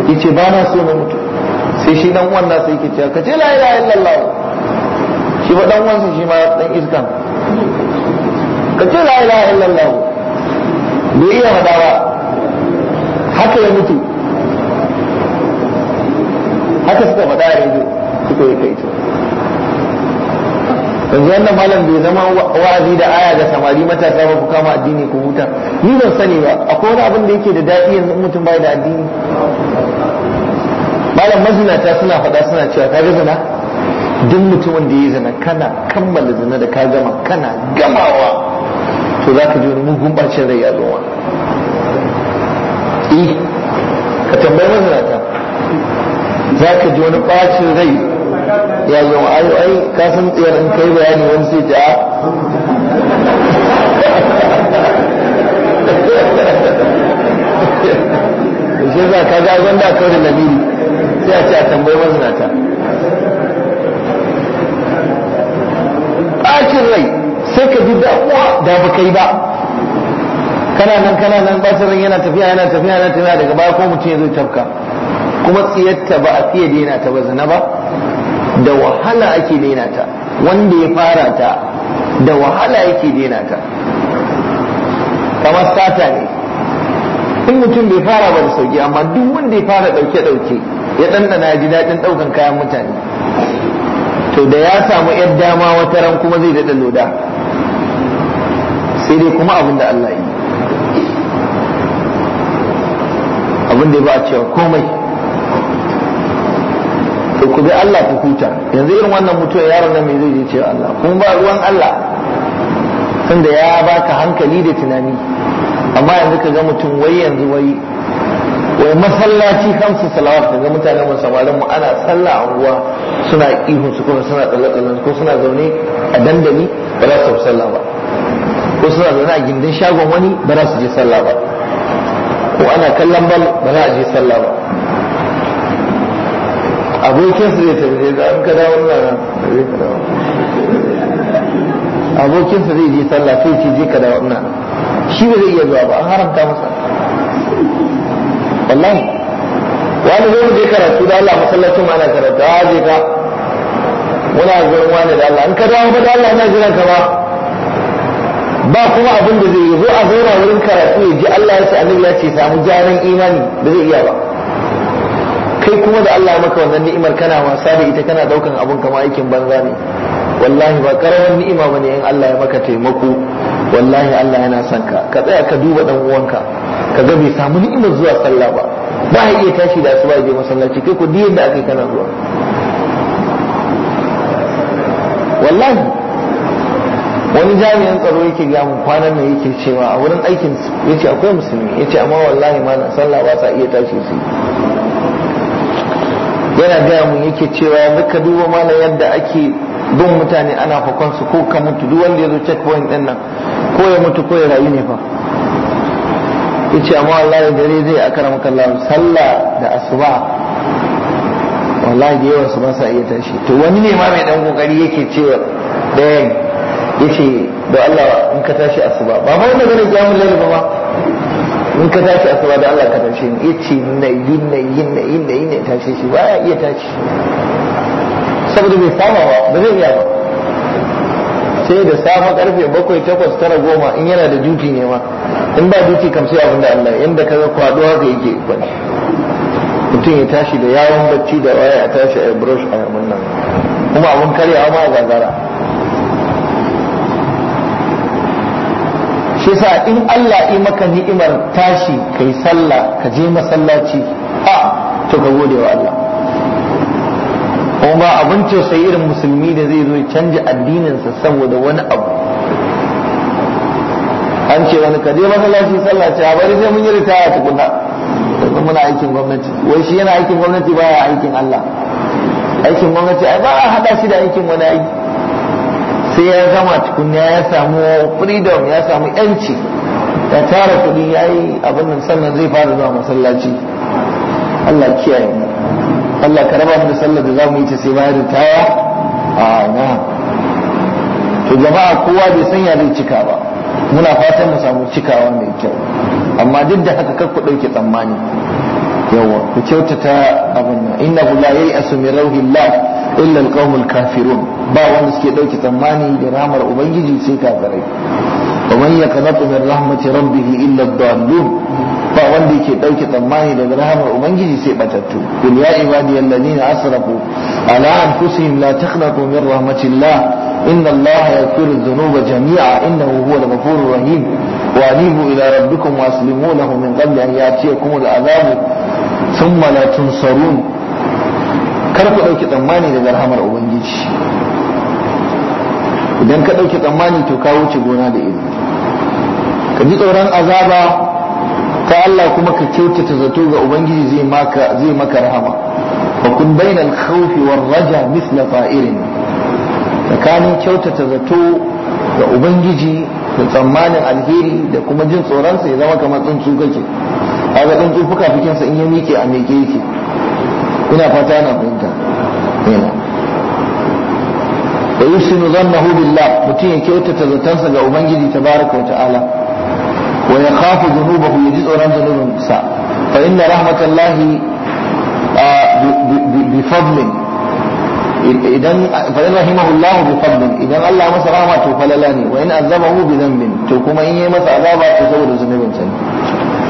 yace ba na so na mutu sai shi dan uwan nasa yake cewa kace la ilaha illallah shi ba dan uwan shi ma dan iskan kace la ilaha illallah bai iya hada ba haka ya mutu haka suka faɗa a yanzu suka yi kai yanzu wannan malam bai zama wa'azi da aya ga samari matasa ba ku kama addini ku huta ni ban sani ba akwai wani abin da yake da daɗi yanzu mutum bai da addini malam mazinata suna faɗa suna cewa ga zina duk mutumin da ya zina kana kammala zina da ka gama kana gamawa to za ka ji wani mugun bacin rai ya zo ma ka tambayi mazinata za ka ji wani bacin rai ya yi wa ayo ai ka san tsayar in kai bayani wani sai ta ah. shi za ka ga wanda kawai da lamiri sai a ce a tambayi mazinata ɓacin rai sai ka ji uwa da ba kai ba kana nan kana nan ɓacin rai yana tafiya yana tafiya yana tafiya daga baya ko mutum ya zai tafka kuma tsiyarta ba a fiye yana ta ba ba da wahala ake daina ta wanda ya fara ta da wahala yake daina ta kamar sata ne in mutum bai fara ba da sauki amma duk wanda ya fara dauke dauke ya dandana ji daɗin daukan kayan mutane to da ya samu yar dama wata ran kuma zai daɗa loda sai dai kuma abin da Allah yi abin da ba a cewa komai to ku bi Allah ku huta yanzu irin wannan mutuwa yaron nan mai zai je ce Allah kuma ba ruwan Allah tunda ya baka hankali da tunani amma yanzu ka ga mutum wai yanzu wai wai masallaci hamsu salawat ka ga mutane mu samarin mu ana sallah a unguwa suna ihun su kuma suna tsalle tsalle ko suna zaune a dandali ba za su sallah ba ko suna zaune a gindin shagon wani ba za su je sallah ba ko ana kallon bal ba za a je sallah ba abokin su zai tafi da an kada wannan abokin su zai je sallah sai ce je kada wannan shi ba zai iya zuwa ba an haramta masa wallahi wani zai je karatu da Allah masallacin ma ana karatu a ah, je ka muna gurin wani da Allah an ka dawo ba da Allah ina jiran ka ba ba kuma abin da zai yi zo a zauna wurin karatu ya ji Allah ya ce annabi ya ce samu jarin imani ba zai iya ba kai kuma da Allah maka wannan ni'imar kana wasa da ita kana daukan abun kama aikin banza ne wallahi ba karawar ni'ima bane in Allah ya maka taimako wallahi Allah yana son ka ka tsaya ka duba dan uwanka ka ga bai samu ni'imar zuwa sallah ba ba ya iya tashi da asuba je masallaci kai ku diyan da akai kana zuwa wallahi wani jami'in tsaro yake ga mu kwanan nan yake cewa a wurin aikin yace akwai musulmi yace amma wallahi na sallah ba sa iya tashi su yana gaya mun yake cewa yanzu duba mana yadda ake bin mutane ana fakon su ko ka mutu duk wanda ya zo check point din nan ko ya mutu ko ya rayu ne fa yace amma wallahi dare zai akram kallahu sallah da asuba wallahi da yawan su ba sa iya tashi to wani ne ma mai dan kokari yake cewa dayan yace da Allah in ka tashi asuba ba ma wanda gane jamu lalle ba in ka tashi a da Allah ka tashi ya ce na yi na yi na yi na yi na tashi shi ba ya iya tashi saboda bai saba ba ba zai iya ba sai da safa karfe bakwai takwas tara goma in yana da duti ne ma in ba duki kam sai abin da Allah yadda ka ga kwaduwa ka yake kwani mutum ya tashi da yawon bacci da waya ya tashi a brush a yamun nan kuma abin karyawa ma a gagara shi sa in Allah yi maka ni'imar tashi kai sallah ka je masallaci a to ka gode wa Allah kuma abin sai irin musulmi da zai zo ya canja addininsa saboda wani abu an ce wani kaje masallaci sallah ce bari sai mun yi ritaya tukuna yanzu muna aikin gwamnati wai shi yana aikin gwamnati baya aikin Allah aikin gwamnati ai ba a hada shi da aikin wani aiki sai ya zama tukunna ya samu freedom ya samu yanci ya tara kuɗi ya yi abin sannan zai fara zuwa masallaci Allah kiyaye Allah ka raba mu da sallar da zamu yi ta sai bayan ritaya a na to jama'a kowa bai san ya zai cika ba muna fatan mu samu cikawa mai kyau amma duk da haka kar ku ɗauke tsammani yawa ku kyautata abin nan innahu la yai'asu min rauhillah illa alqaumul kafirun ba wanda suke dauke tsammani da rahmar ubangiji sai kafirai wa man yaqnatu min rahmati rabbih illa ad-dallun ba wanda yake dauke tsammani da rahmar ubangiji sai batattu qul ya ibadiyal ladina asrafu ala anfusihim la taqnatu min rahmatillah inna allaha yaghfiru dhunuba jami'a innahu huwal ghafurur rahim وأنيبوا إلى ربكم وأسلموا له من قبل أن يأتيكم العذاب sun malatun sarun kar ku ɗauki tsammani daga rahamar ubangiji idan ka ɗauki tsammani to ka wuce gona da iri ka ji tsoron azaba ta Allah kuma ka kyautata zato ga ubangiji zai maka zai maka rahama fa kun bainal khawfi raja misla fa'irin tsakanin kyautata zato ga ubangiji da tsammanin alheri da kuma jin tsoronsa ya zama kamar tsuntsu kake kaga dan tufuka fikinsa in ya mike a miƙe yake ina fata na fahimta da na zannahu billah mutum ya kyautata zatansa ga ubangiji tabaraka wata ala wa ya kafa khafu dhunubahu yaji tsoron zunubin sa fa inna rahmatallahi bi fadlin idan fa in rahimahullahu bi fadlin idan Allah masa rahma to falala ne wa in azabahu bi dhanbin to kuma in yi masa azaba to saboda zunubin sa ne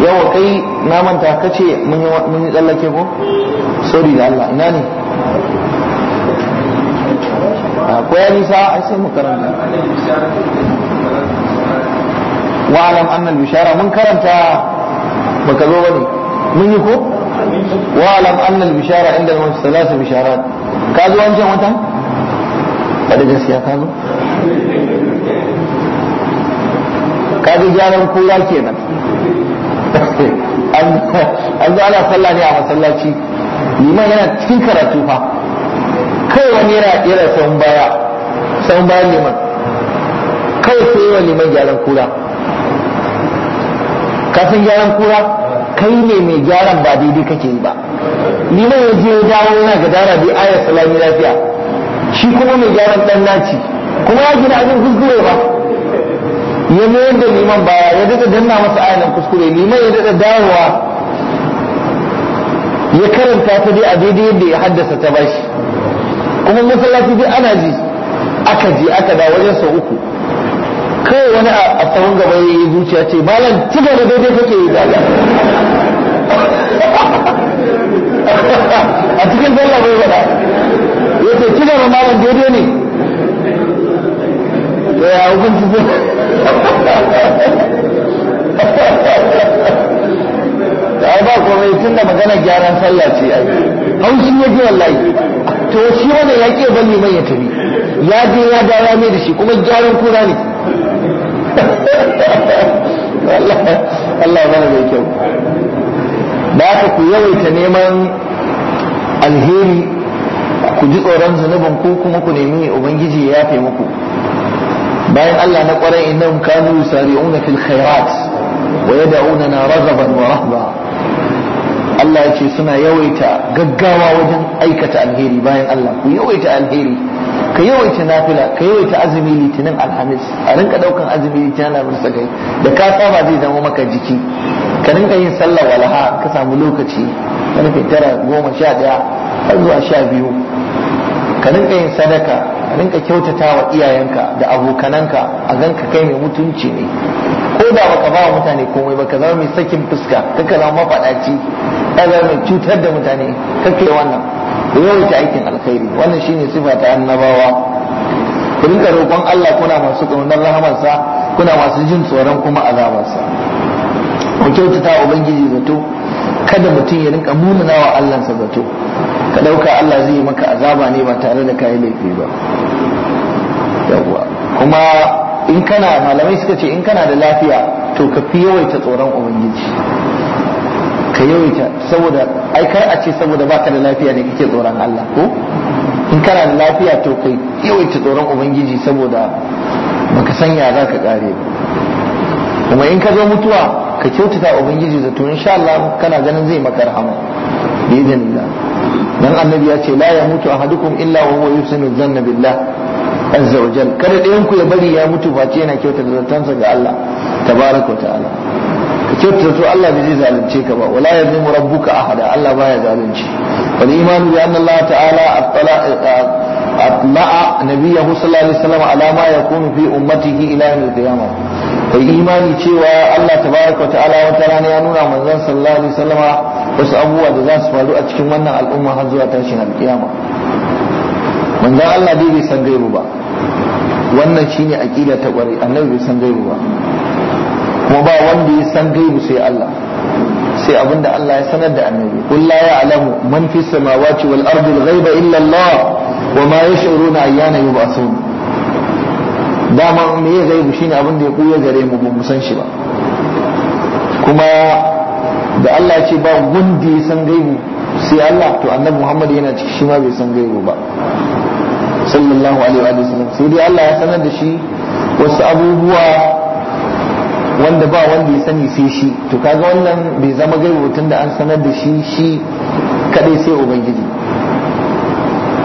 yawa kai na manta ka ce mun yi tsallake ko sori da Allah ina ne akwai nisa a sai mu karanta wa alam annal bishara mun karanta baka zo bane mun yi ko wa alam annal bishara inda mun salasa bishara. ka zo wancan watan kada gaskiya ka zo ka ji gyaran kura kenan an zo ana sallah ne a masallaci liman yana cikin karatu fa kai wani yana kera sahun baya sahun baya liman kai sai wa liman gyaran kura kafin gyaran kura kai ne mai gyaran ba daidai kake yi ba liman ya je ya dawo yana dara bi aya salami lafiya shi kuma mai gyaran dan naci kuma ya gina abin kuskure ba ya mayar da neman baya ya daga danna masa ayanin kuskure neman ya daga dawowa ya karanta ta dai a daidai yadda ya haddasa ta bashi kuma masallaci dai ana ji aka ji aka da wajen sau uku kai wani a tsawon gaba ya yi zuciya ce malam ci gaba daidai kake yi daga. a cikin zalla bai faɗa ya ce ci gaba malam daidai ne da ya hukunci su da ai ba komai tun da magana gyaran sallah ce ai haushi ya ji wallahi to shi wanda ya ke bani mai ya tafi ya je ya dawo mai da shi kuma gyaran kura ne Allah ya bana mai kyau da haka ku yawaita neman alheri ku ji tsoron zunubin ku kuma ku nemi ubangiji ya yafe muku bayan Allah na kwarai innahum kanu yusari'una fil khairat wa yad'unana raghaban wa rahba Allah ya ce suna yawaita gaggawa wajen aikata alheri bayan Allah ku yawaita alheri ka yawaita nafila ka yawaita azumi litinin alhamis a rinka daukan azumi litinin alhamis kai da ka saba zai zama maka jiki ka rinka yin sallar walaha ka samu lokaci karfe tara goma sha daya har zuwa sha biyu ka rinka yin sadaka rinka kyautata wa iyayenka da abokananka a ganka kai mai mutunci ne ko da baka ba mutane komai ba ka zama mai sakin fuska kaka zama mafaɗaci ka zama mai cutar da mutane kake wannan ku ta aikin alkhairi wannan shine sifa ta annabawa ku rinka roƙon Allah kuna masu ƙaunar rahamarsa kuna masu jin tsoron kuma azabarsa ku kyautata wa ubangiji zato kada mutum ya rinka munana wa Allahnsa zato ka ɗauka Allah zai maka azaba ne ba tare da kayi laifi ba yawwa kuma in kana malamai suka ce in kana da lafiya to ka fi yawaita tsoron ubangiji ka yawaita saboda ai kar a ce saboda baka da lafiya ne kake tsoron Allah ko in kana da lafiya to kai yawaita tsoron ubangiji saboda baka sanya za ka kare ba kuma in ka zo mutuwa ka kyautata ubangiji zato insha Allah kana ganin zai maka rahama bi idinillah dan annabi ya ce la mutu ahadukum illa wa huwa yusinu dhanna billah azza wa jal kada ɗayan ku ya bari ya mutu face yana kyauta da zantansa ga Allah tabaraka wa ta'ala ka kyautata to Allah bai zai zalunce ka ba wala yazlimu rabbuka ahada Allah baya zalunci wal imanu bi anna Allah ta'ala atla'a nabiyahu sallallahu alaihi wasallam ala ma yakunu fi ummatihi ila yawm al-qiyamah kai imani cewa Allah tabaraka wa ta'ala wata rana ya nuna manzon sallallahu alaihi wasallama wasu abubuwa da za su faru a cikin wannan al'umma har zuwa tashin alkiyama manzon Allah dai bai san gairu ba wannan shine aqida ta kwarai annabi bai san gairu ba kuma ba wanda ya san gairu sai Allah sai abinda Allah ya sanar da annabi qul la ya'lamu man fis samawati wal ardi al-ghaiba illa Allah wa ma yash'uruna ayyana yub'athun dama me ya gaibu shine abin da ya koya gare mu ba mu san shi ba kuma da Allah ce ba gundi ya san gaibu sai Allah to annabi Muhammad yana ciki shi ma bai san gaibu ba sallallahu alaihi wa sallam sai dai Allah ya sanar da shi wasu abubuwa wanda ba wanda ya sani sai shi to kaga wannan bai zama gaibu da an sanar da shi shi kadai sai ubangiji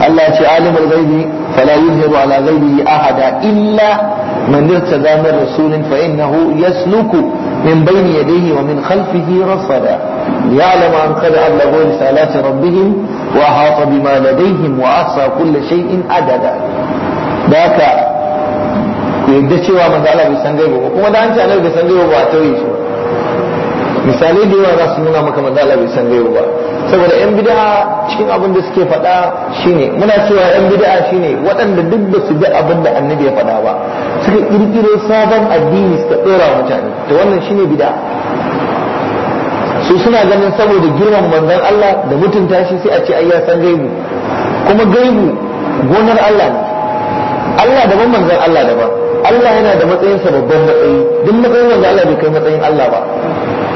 Allah ya ce alimul ghaibi فلا يظهر على غيره أحدا إلا من ارتدى من رسول فإنه يسلك من بين يديه ومن خلفه رصدا ليعلم أن قد أبلغوا رسالات ربهم وأحاط بما لديهم وأحصى كل شيء عددا ذاك yadda cewa manzo Allah bai san gaiba kuma da an ce Allah bai san gaiba ba a tauye shi misalai da yawa za su nuna maka manzo Allah bai san ba saboda yan bid'a cikin abin da suke faɗa shine muna cewa yan bid'a shine waɗanda duk da su bi abin da annabi ya faɗa ba suka kirkiro sabon addini suka ɗora mutane to wannan shine bid'a su suna ganin saboda girman manzon Allah da mutunta shi sai a ce ai ya san gaibu kuma gaibu gonar Allah ne Allah daban manzon Allah daban Allah yana da matsayinsa babban matsayi duk matsayin manzon Allah bai kai matsayin Allah ba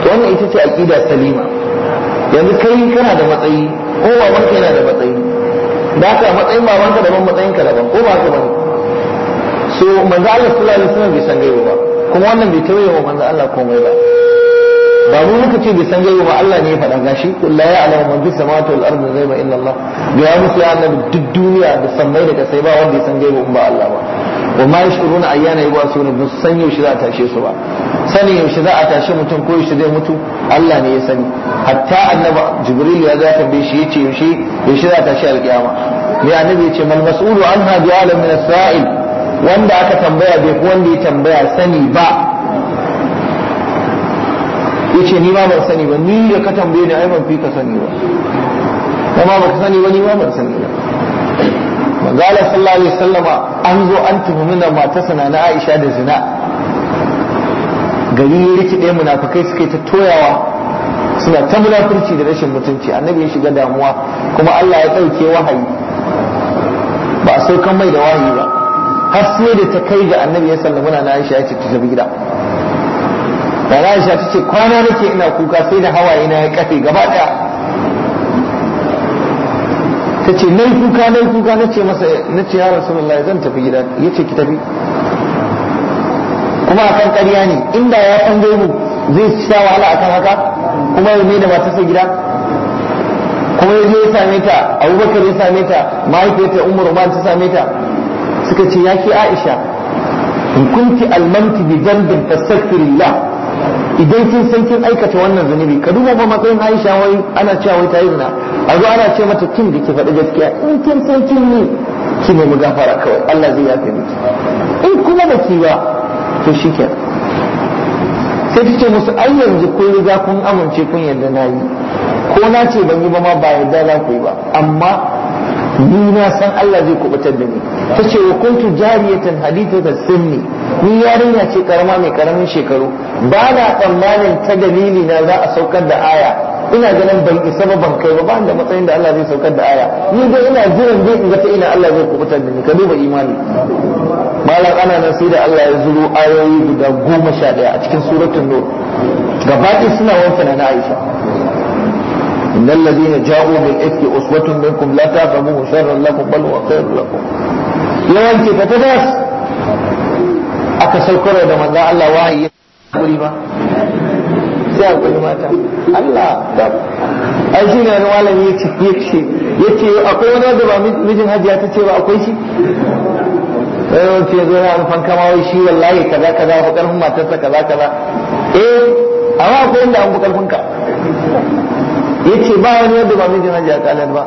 to wannan ita ce aqida salima yanzu kai kana da matsayi ko babanka yana da matsayi da haka matsayin babanka daban matsayin ka daban ko ba ka bane so manzo Allah sallallahu alaihi wasallam bai san gaiwa ba kuma wannan bai tawaye wa manzo Allah komai ba ba mu muka ce bai san gaiwa ba Allah ne ya faɗa gashi qul la ya'lamu man fis samawati wal ardi ghaiba illa Allah ya musu ya annabi duk duniya da sammai da kasai ba wanda ya san gaiwa ba Allah ba wa ma yashuruna ayyana yubasuna bis san yaushe za ta tashe su ba sani yaushe za a tashi mutum ko yaushe zai mutu Allah ne ya sani hatta annabi jibril ya ga tambaye shi yace yaushe yaushe za a tashi alkiyama ne annabi yace mal mas'ulu anha bi alam min as-sa'il wanda aka tambaya bai ko wanda ya tambaya sani ba yace ni ma ban sani ba ni da ka tambaye ni ai ban fi ka sani ba kuma ba ka sani ba ni ma ban sani ba manzala sallallahu alaihi wasallama an zo an tuhumi na matarsa na Aisha da zina gari ya rikide munafikai suka yi ta toyawa suna ta munafurci da rashin mutunci annabi ya shiga damuwa kuma Allah ya ɗauke wahayi ba a saukan mai da wahayi ba har sai da ta kai ga annabi ya sallama na Aisha ya ce ta tafi gida da Aisha ta ce kwana nake ina kuka sai da hawaye na ya kafe gaba daya ta ce nai kuka nai kuka na ce masa na ce ya rasulullahi zan tafi gida ya ce ki tafi kuma akan ƙarya ne inda ya san gaibu zai sha wahala kan haka kuma ya mai da matarsa gida kuma ya ya same ta abubakar ya same ta mahaifiyarta umar roman ta same ta suka ce ya ke aisha in kunti almanti bi dambin fastaghfirillah idan kin san kin aikata wannan zunubi ka duba ba matsayin aisha wai ana cewa wai ta yi zina a zo ana ce mata kin da ke faɗi gaskiya in kin san kin yi ki mu gafara kawai Allah zai yafe miki in kuma ba ki ba to shi ke sai ta ce musu ai yanzu kun riga kun amince kun yadda na yi ko na ce ban yi ba ma ba yadda za ku yi ba amma ni na san Allah zai kubutar da ni ta ce wa kuntu jariyatan da sunni ni yarinya ce karama mai karamin shekaru ba na tsammanin ta dalili na za a saukar da aya ina ganin ban isa ba ban kai ba ba da matsayin da Allah zai saukar da aya ni dai ina jiran dai in ga ta ina Allah zai kubutar da ni ka duba imani malam ana nan sai da Allah ya zuru ayoyi guda goma sha ɗaya a cikin suratul nur gabaɗi suna wanka na Aisha إن الذين جاءوا بالإفك أسوة منكم لا تعلموه شرا لكم بل هو خير لكم yawanci ka ta das aka saukar da manzo Allah wahayi ba sai akwai mata Allah da ai shi ne wani malam ya ce ya ce akwai wani wanda ba mijin hajiya ta ce ba akwai shi sai wani ya zo na amfan kama wai shi wallahi kaza kaza wa karfin matarsa kaza kaza eh amma akwai wanda an fi karfin ka yace ba wani wanda ba mijin hajji hajiya ta ba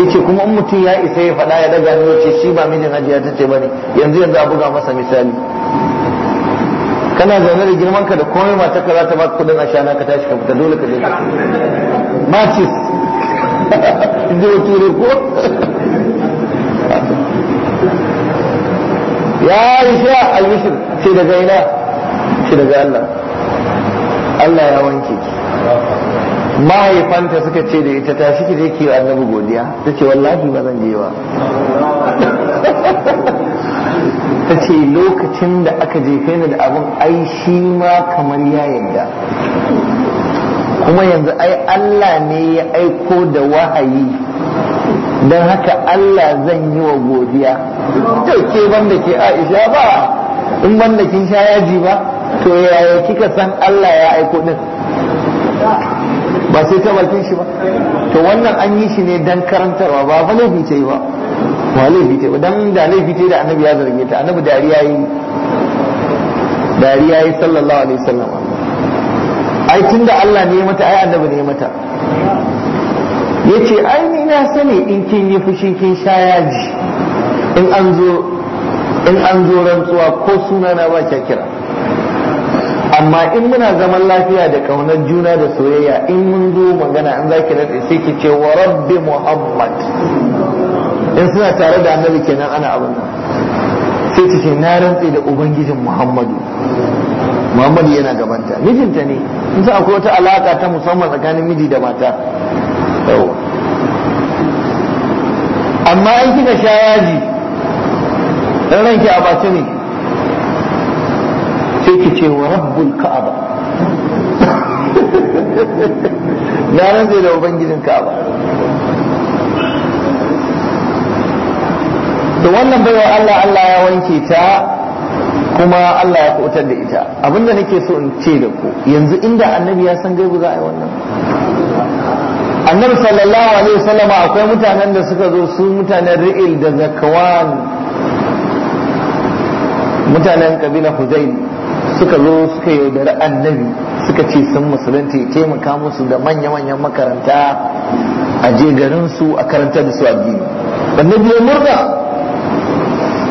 ya ce kuma in mutum ya isa ya faɗa ya daga ni wace shi ba mijin hajji ya ta ce ne yanzu yanzu a buga masa misali kana zaune da girman ka da komai mata ka za ta baka kudin ashana ka tashi ka fita dole ka je ka macis inda wato ture ko ya aisha albishir ce daga ina ce daga Allah Allah ya wanke ki mahaifanta suka ce da ita tashi ki je ki annabi godiya ta ce wallahi ba zan je ba ce lokacin da aka je ni da abin ai shi ma kamar ya yadda kuma yanzu ai Allah ne ya aiko da wahayi don haka Allah zan yi wa godiya ke banda ke Aisha ba in banda kin sha yaji ba to yaya kika san Allah ya aiko din ba sai ta bakin shi ba to wannan an yi shi ne don karantarwa ba fa laifi ce ba ba laifi ta ba dan da laifi ta da annabi ya zarge ta annabi dariya yi dariya yi sallallahu alaihi wasallam ai tunda Allah ne mata ai annabi ne mata yace ai ni na sani in kin yi fushin kin sha yaji in an zo in an zo rantsuwa ko suna na ba kya kira amma in muna zaman lafiya da kaunar juna da soyayya in mun zo magana an zaki rantsa sai ki ce wa rabbi muhammad in suna tare da annabi kenan ana abin nan sai ta ce na rantse da ubangijin muhammadu muhammadu yana gabanta mijinta ne in sa akwai wata alaka ta musamman tsakanin miji da mata yawa amma in kika sha yaji dan ranki a bace ne sai ki ce wa rabbul ka'aba na rantse da ubangijin ka'aba to wannan baiwa Allah Allah ya wanke ta kuma Allah ya kutar da ita abinda nake so in ce da ku yanzu inda annabi ya san gaibu za a yi wannan annabi sallallahu alaihi wasallam akwai mutanen da suka zo su mutanen ri'il da zakawan mutanen kabila huzaili suka zo suka yaudari annabi suka ce sun musulunci taimaka musu da manya-manyan makaranta a je garinsu a karanta da su addini annabi ya murna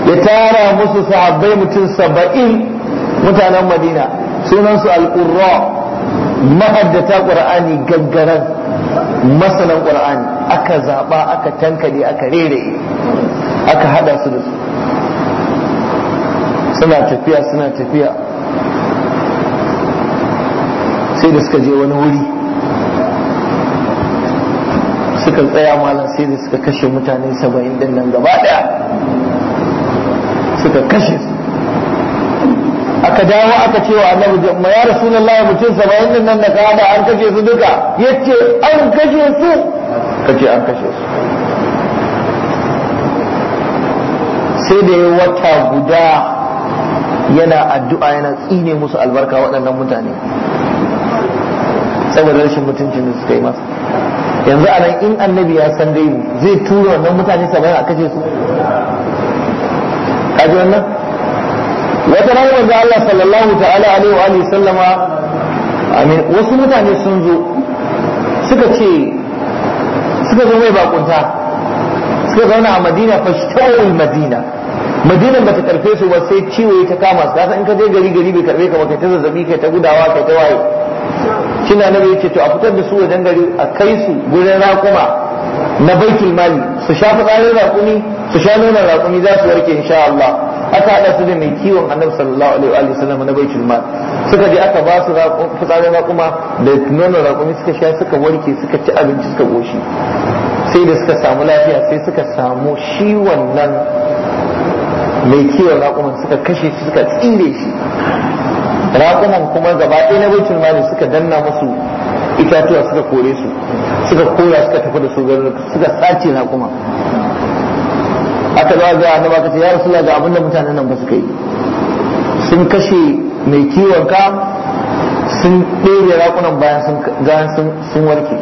ya tara musu sahabbai mutum saba'in mutanen madina sunansu al'urra ta qur'ani gaggaran masanan qur'ani aka zaɓa aka tankade aka rere aka hada su da su suna tafiya suna tafiya sai da suka je wani wuri suka tsaya malam sai da suka kashe mutane saba'in din nan gaba daya suka kashe su aka dawo aka ce wa annabi ma ya rasulullahi mutum saba'in din nan da ka an kashe su duka yace an kashe su kace an kashe su sai da ya wata guda yana addu'a yana tsine musu albarka waɗannan mutane saboda rashin mutuncin da suka yi masa yanzu a nan in annabi ya san gaibu zai tura wannan mutane saba'in a kashe su ji wannan wata rana wanzu Allah sallallahu ta'ala alaihi wa sallama amin wasu mutane sun zo suka ce suka zo mai bakunta suka zauna a Madina fashtawul Madina madinan bata karfe su ba sai ciwo ta kama su kasan in ka je gari gari bai karfe ka ba kai ta zazzabi kai ta gudawa kai ta waye kina nabi yake to a fitar da su wajen gari a kai su gurin raƙuma na baitul mali su shafa tsarin raƙumi su sha nonon raƙumi za su warke insha Allah aka haɗa su da mai kiwon annabi sallallahu alaihi wa sallam na baitul mal suka je aka ba su fitsarin raƙuma da nonon raƙumi suka sha suka warke suka ci abinci suka goshi sai da suka samu lafiya sai suka samu shi wannan mai kiwon raƙuman suka kashe shi suka tsire shi raƙuman kuma gaba ɗaya na baitul mal suka danna musu itatuwa suka kore su suka kora suka tafi da su suka sace raƙuman aka zo ga annabi ka ce ya rasulullah ga abinda mutanen nan ba suka yi sun kashe mai kiwon ka sun ɗebe raƙunan bayan sun warke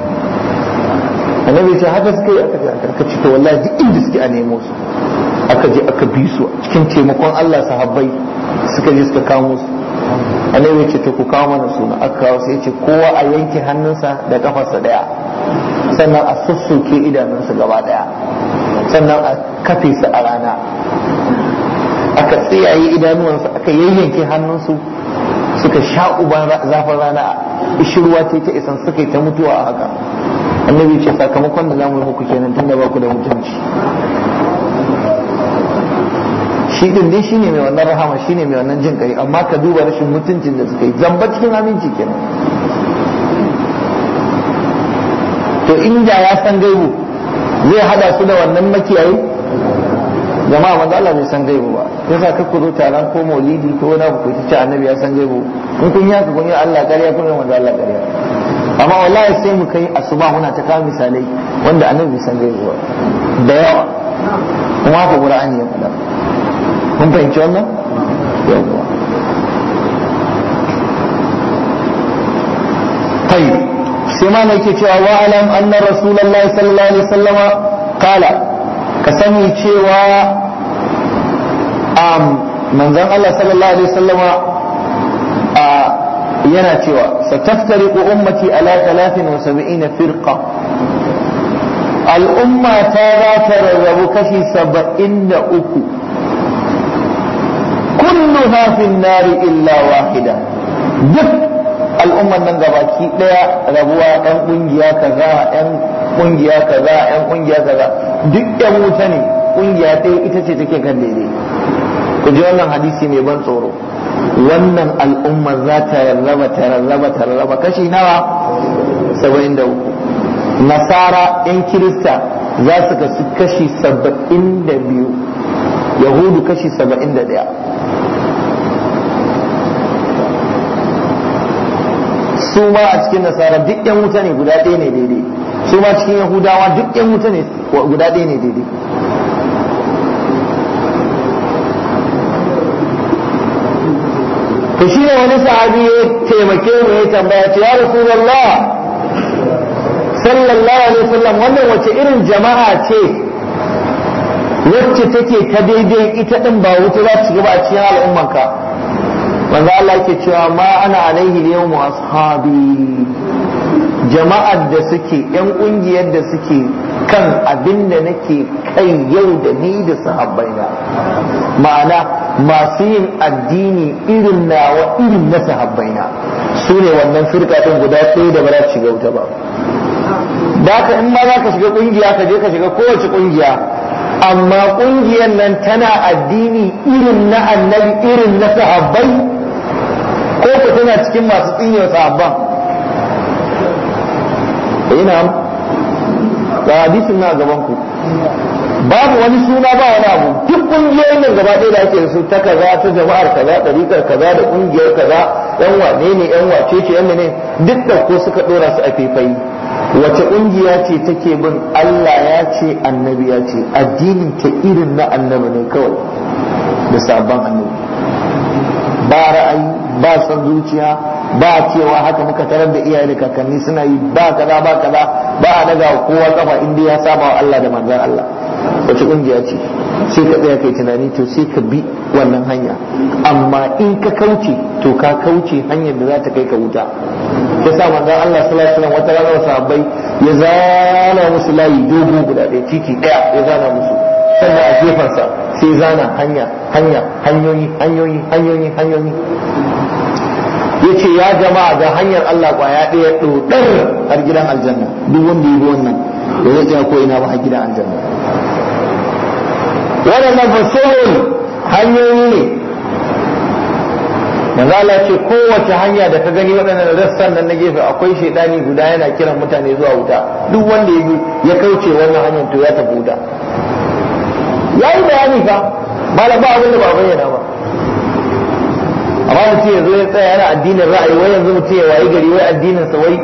annabi ce haka suka aka ce aka ce to wallahi duk inda suke a nemo su aka je aka bi su cikin taimakon Allah sahabbai suka je suka kamo su annabi ce to ku kawo mana suna aka kawo sai ce kowa a yanke hannunsa da kafarsa daya sannan a sussuke idanunsa gaba daya sannan a kafe su a rana aka tsayaye idanuwansu aka yayyanke hannunsu suka sha uban zafin rana a ishirwa ta ta isan suka yi ta mutuwa a haka annabi ce sakamakon da zamu huku kenan tun da baku da mutunci shi din dai shine mai wannan rahama shine mai wannan jin kai amma ka duba rashin mutuncin da suka yi zamba cikin aminci kenan to inda ya san gaibu zai hada su da wannan makiyayi a manzo Allah bai san gaibu ba yasa ka ku zo taron ko maulidi ko wani abu ku ci annabi ya san gaibu in kun yaka kun yi Allah kariya kun yi manzo Allah kariya amma wallahi sai mu kai asuba muna ta kawo misalai wanda annabi bai san gaibu ba da yawa kuma haka Qur'ani ya faɗa kun fahimci wannan yawa طيب sai ma na cewa wa alam anna rasulullahi sallallahu alaihi wasallam kala ka sani cewa um manzon Allah sallallahu alaihi wasallam a yana cewa sataftariqu ummati ala 73 firqa al'umma ta za ta rarrabu kashi saba'in da 73 كلها في nari illa wahida duk. al'umman nan gabaki daya rabuwa yan kungiya kaza yan kungiya kaza yan kungiya kaza duk yan wuta ne kungiya ta ita ce take kan daidai ku ji wannan hadisi mai ban tsoro wannan al'umma za ta rarraba ta rarraba ta rarraba kashi nawa saba'in da uku nasara yan kirista za su kasu kashi saba'in da biyu yahudu kashi saba'in da ɗaya su ma a cikin nasara duk yan wuta ne guda ɗaya ne daidai su ma cikin yahudawa duk yan wuta ne guda ɗaya ne daidai ta shi ne wani sahabi ya taimake mu ya tambaya ce ya rasulullah sallallahu alaihi wasallam wannan wace irin jama'a ce wacce take ta daidai ita din ba wuta za ta shiga ba a cikin al'ummanka manzo Allah yake cewa ma ana alaihi yawmu ashabi jama'ar da suke yan kungiyar da suke kan abin da nake kai yau da ni da na ma'ana masu yin addini irin nawa irin na na su ne wannan firka ɗin guda ɗaya da ba za shiga wuta ba da ka in ma za ka shiga kungiya ka je ka shiga kowace kungiya amma kungiyar nan tana addini irin na annabi irin na sahabbai ko ta tana cikin masu tsinewa sahabban ina eh, ga hadisin na gaban ku babu wani suna ba wani abu duk kungiyoyin da gaba ɗaya da ake su ta kaza ta jama'ar kaza ɗarikar kaza da kungiyar kaza yan wane ne yan wace ce yan ne duk da ko suka ɗora su a faifai wace kungiya ce take bin Allah ya ce annabi ya ce addinin ta irin na annabi ne kawai da sabon annabi ba ra'ayi ba son zuciya ba cewa haka muka tarar da iyaye da kakanni suna yi ba kaza ba kaza ba a daga kowa kafa inda ya saba wa Allah da manzon Allah wace kungiya ce sai ka tsaya kai tunani to sai ka bi wannan hanya amma in ka kauce to ka kauce hanyar da za ta kai ka wuta ya sa manzon Allah sallallahu alaihi wasallam wata rana sahabbai ya zana musu layi dogo guda ɗaya titi ɗaya ya zana musu sannan a gefansa sai zana hanya hanya hanyoyi hanyoyi hanyoyi hanyoyi ya ce ya jama'a ga hanyar Allah kwaya ɗaya ɗaukar har gidan aljanna duk wanda yi wannan da zai tsaya ko ina ba har gidan aljanna waɗannan fasohon hanyoyi ne da zala ce kowace hanya da ka gani waɗannan rassan nan na gefe akwai shaidani guda yana kiran mutane zuwa wuta duk wanda ya kauce wannan hanyar to ya tafi wuta yi bayani fa malam ba abin da ba bayyana ba amma mutum ya zo ya tsaya yana addinin ra'ayi wai yanzu mutum ya wayi gari wai addinin sa wai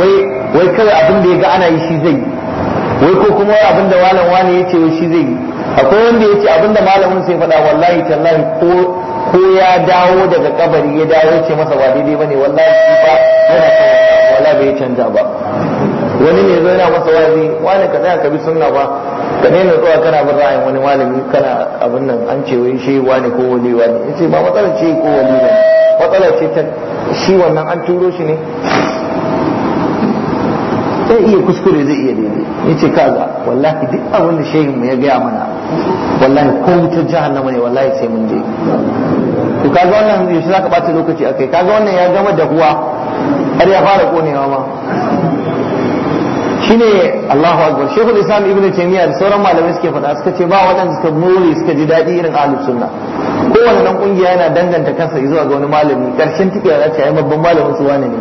wai wai kawai abin da ya ga ana yi shi zai wai ko kuma wai abin da malam wani ya ce wai shi zai akwai wanda ya ce abin da malamin sai faɗa wallahi tallahi ko ko ya dawo daga kabari ya dawo ya ce masa ba daidai bane wallahi ba yana wallahi bai canja ba wani ne zai na masa wazi wani ka tsaya ka bi sunna ba ka na zuwa kana bin ra'ayin wani malami kana abin nan an ce wai shi wani ko wani wani ce ba matsalar ce ko wani ne matsalar ce ta shi wannan an turo shi ne zai iya kuskure zai iya daidai ka ga wallahi duk abin da shehin mu ya gaya mana wallahi ko wutar jahannama ne wallahi sai mun je to kaga wannan yaushe ka bata lokaci akai kaga wannan ya gama da huwa har ya fara konewa ma shine Allahu akbar shekul islam ibnu taymiya da sauran malamai suke faɗa suka ce ba waɗanda suka more suka ji daɗi irin ahlus sunna kowane dan kungiya yana danganta kansa zuwa ga wani malami karshen tikiya za ta yi babban malamin su wane ne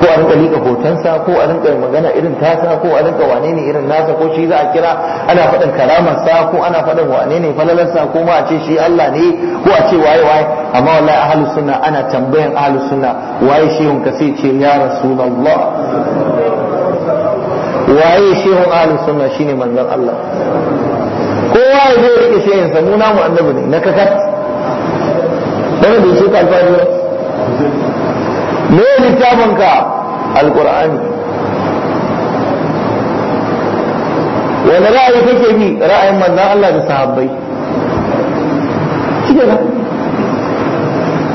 ko a rinka lika hotonsa ko a rinka magana irin tasa ko a rinka wane ne irin nasa ko shi za a kira ana faɗin karamarsa ko ana faɗin wane ne falalarsa ko ma a ce shi Allah ne ko a ce waye waye amma wallahi ahlus sunna ana tambayan ahlus sunna waye shehun ka sai ce ya rasulullah waye shehun ahlus sunna shine manzon Allah kowa ya zai rike shehin sa mu namu annabi ne na kakat wanda bai shi kalfaji ba me littafin ka alqur'ani wani ra'ayi kake bi ra'ayin manzon Allah da sahabbai cike ba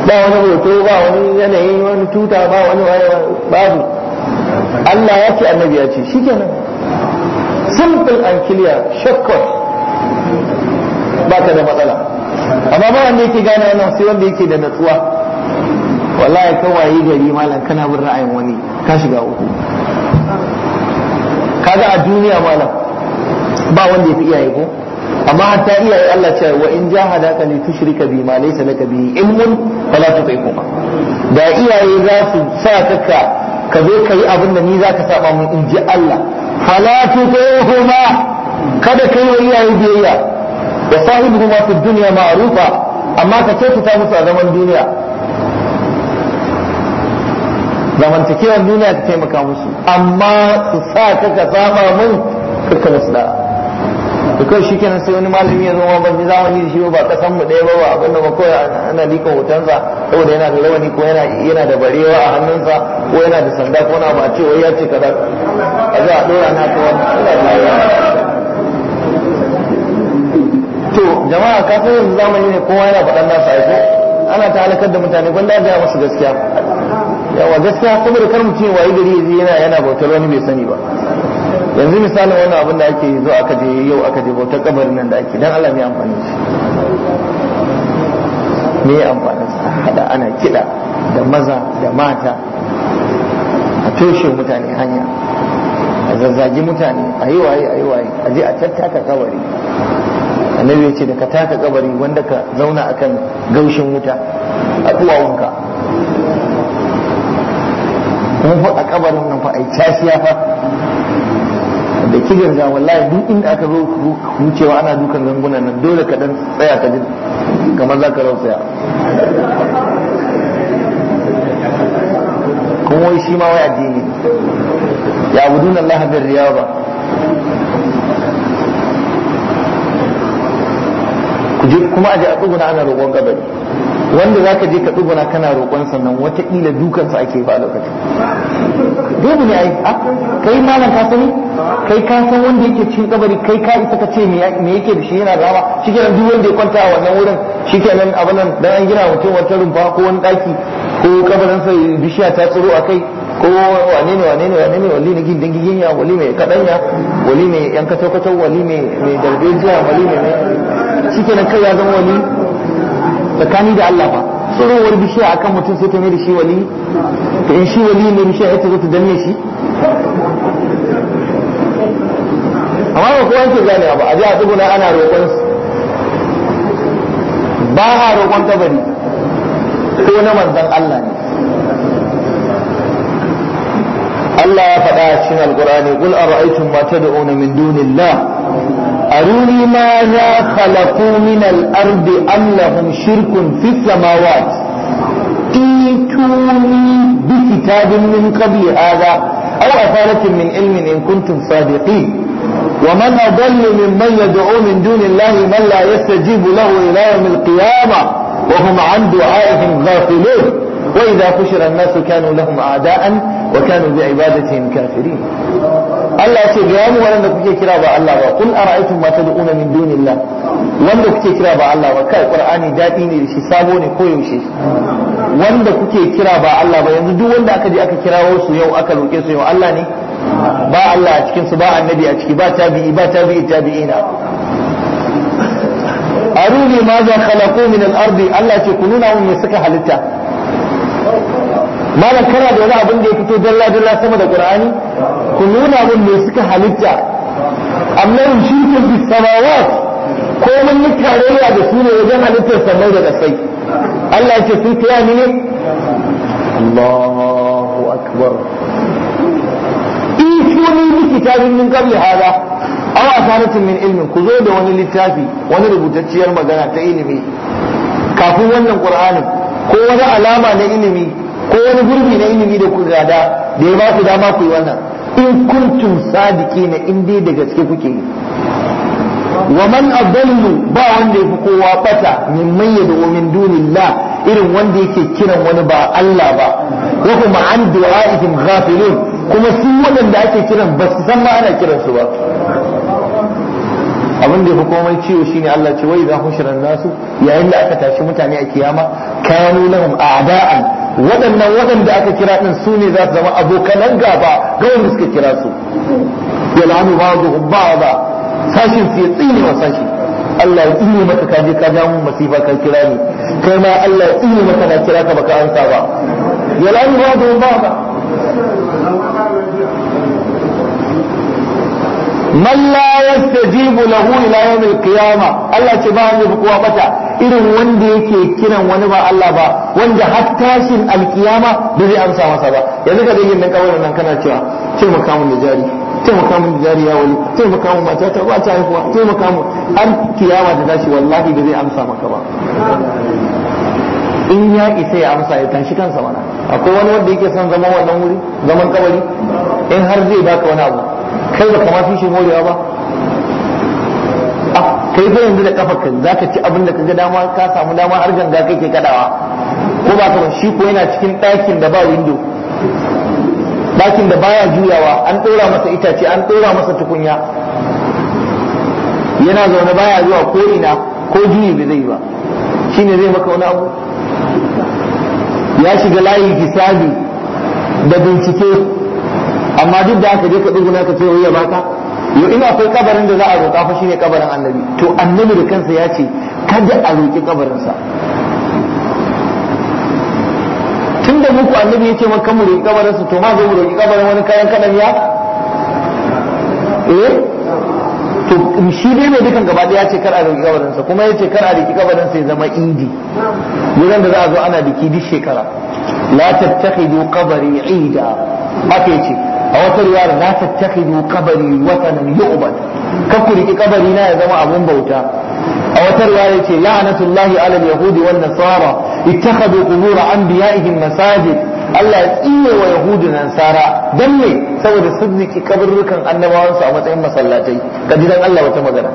ba wani hoto ba wani yanayi wani tuta ba wani wani babu Allah ya ce annabi ya ce shikenan simple and clear shortcut ba ka da matsala amma ba wanda yake gane wannan sai wanda yake da natsuwa wallahi ka wayi gari malam kana bin ra'ayin wani ka shiga uku kaga a duniya malam ba wanda ya fi iyaye ko amma hatta iyaye Allah ce wa in jahadaka li tushrika bi ma laysa laka bi ilmun fala tuti'huma da iyaye za su sa ka. ka zo ka yi abin da ni za ka saba mun in ji Allah fala tuqihuma kada kai wa iyaye biyayya wa sahibuhuma fi dunya ma'rufa amma ka kyautata musu a zaman duniya zamantakewar duniya ka taimaka musu amma su sa ka ka saba mun kakka musu da'a to kai shi kenan sai wani malami ya zama ban zamani da shi ba kasan mu ɗaya ba ba abinda ba ko ana lika hotonsa saboda yana da rawani ko yana yana da barewa a hannunsa ko yana da sanda ko na ba ce wai ya ce kaza a za a ɗora na ko to jama'a ka san yanzu zamani ne kowa yana faɗan nasa ce ana ta halakar da mutane da ga musu gaskiya yawa gaskiya saboda kar mutum wayi gari yana yana bautar wani bai sani ba yanzu misalin wani abin da ake zo aka je yau aka je bautar kabarin nan da ake dan Allah mai amfani shi me amfanin sa hada ana kiɗa da maza da mata a toshe mutane hanya a zazzagi mutane a yi waye a yi waye a je a tattaka kabari annabi ya ce da ka taka kabari wanda ka zauna akan gaushin wuta a duwawunka mun fa a kabarin nan fa ai casiya fa da kigar ga wallahi duk inda aka zo cewa ana dukan gangunan nan dole ka dan tsaya ka ji kamar za ka rausaya kuma wai shi ma wai addini ya abudun Allah bin riyaba ku je kuma aje a tsuguna ana roƙon kabari wanda za ka je ka tsubura kana roƙon sannan watakila dukansa ake ba lokacin dole ne ai ah, kai malam ka sani kai ka san wanda yake cikin kabari kai ka isa ka ce me yake da shi yana da hawa shikenan duk wanda ya kwanta a wannan wurin shikenan abin nan dan an gina mutum wata rumfa ko wani daki ko kabarin sa bishiya ta tsiro a kai ko wane ne wane ne wane ne wali ne gindin ya wali mai kadan ya wali mai yan katau katau wali mai darbejiya wali mai shikenan kai ya zama wali tsakani da Allah ba tsirowar bishiya kan mutum sai ta mai da shi wali to in shi wali ne bishiya ita zo ta danne shi amma ba kowa yake gane ba a ji a tsuguna ana roƙon ba a roƙon bari ko na manzon Allah ne Allah ya faɗa cikin Al-Qur'ani qul ara'aytum ma tad'una min dunillah أروني ماذا خلقوا من الأرض أم لهم شرك في السماوات ائتوني بكتاب من قبل هذا أو أثارة من علم إن كنتم صادقين ومن أضل ممن يدعو من دون الله من لا يستجيب له إلى يوم القيامة وهم عن دعائهم غافلون وإذا حشر الناس كانوا لهم أعداء وكانوا بعبادتهم كافرين Allah ce ga yamu wanda kuke kira ba Allah ba kun ara'aytum ma tad'una min dunillah wanda kuke kira ba Allah ba kai Qur'ani dadi ne shi sabo ne ko yaushe wanda kuke kira ba Allah ba yanzu duk wanda aka je aka kirawo su yau aka roke su yau Allah ne ba Allah a cikin su ba annabi a ciki ba tabi'i ba tabi'i tabi'ina aruni ma za khalaqu min al-ardi Allah ce kununa nuna mun me suka halitta malam kana da wani abin da ya fito dalla dalla sama da qur'ani ku nuna min me suka halitta annabi shirkin bis samawat ko mun yi tarayya da su ne wajen halittar samai da kasai Allah ya ce sun kiya ni ne Allahu akbar isuni bi min qabli hada aw asanatin min ilmin ku zo da wani littafi wani rubutacciyar magana ta ilimi kafin wannan qur'anin ko wani alama na ilimi ko wani gurbi na ilimi da ku gada da ya ba ku dama ku yi wannan in kuntum sadiqina in dai da gaske kuke yi wa man adallu ba wanda yafi kowa bata mimman yad'u min dunillah irin wanda yake kiran wani ba Allah ba wa kuma an du'a'ihim ghafilun kuma su waɗanda ake kiran ba su san ma ana kiran su ba abin da yafi komai ciwo shine Allah ce wai za hushran nasu yayin da aka tashi mutane a kiyama kanu lahum a'da'an waɗannan waɗanda aka kira ɗin su ne za su zama abokanan gaba ga wanda suka kira su ya la'anu ba da ba ba sashin su ya tsine wa sashi Allah ya tsine maka ka je ka ja mun masifa ka kira ni kai ma Allah ya tsine maka na kira ka baka ansa ba ya la'anu ba da ba ba man la yastajibu lahu ila yawm al-qiyamah Allah ce ba mu kowa irin wanda yake kiran wani ba Allah ba wanda har tashin alkiyama ba zai amsa masa ba yanzu ka dangin nan kawai nan kana cewa taimaka mun da jari taimaka mun da jari ya wani taimaka mun mata ta ba ta haihuwa ce mun an kiyama da tashi wallahi ba zai amsa maka ba in ya isa ya amsa ya tashi kansa mana akwai wani wanda yake son zaman wannan wuri zaman kabari in har zai baka wani abu kai ba kamar fi shi morewa ba kai fa yanzu da kafa za ka ci abin da ka kaga dama ka samu dama har ganga kai ke kadawa ko ba ka shi ko yana cikin ɗakin da ba window ɗakin da baya juyawa an ɗora masa itace an ɗora masa tukunya yana zaune baya zuwa ko ina ko juyi bai zai ba shine zai maka wani abu ya shiga layi hisabi da bincike amma duk da aka je ka duguna ka ce wai ya baka yau in akwai kabarin da za a roƙa fa shine kabarin annabi to annabi da kansa ya ce kada a roƙi kabarinsa tun da muku annabi ya ce maka mu roƙi sa to ma zai mu roƙi kabarin wani kayan kaɗan ya eh to shi dai ne dukan gaba ya ce kar a roƙi sa kuma ya ce kar a roƙi sa ya zama idi wurin da za a zo ana biki duk shekara la tattakhidu qabri ida haka yace a wata riwayar la tattakhidu qabri watanan yu'bad kakku riki kabari na ya zama abun bauta a wata riwaya yace la'natullahi ala al-yahudi wan nasara ittakhadhu qubur anbiya'ihim masajid Allah ya tsine wa yahudu da nasara don me saboda sun riki kabarrukan annabawan a matsayin masallatai kadiran Allah wata magana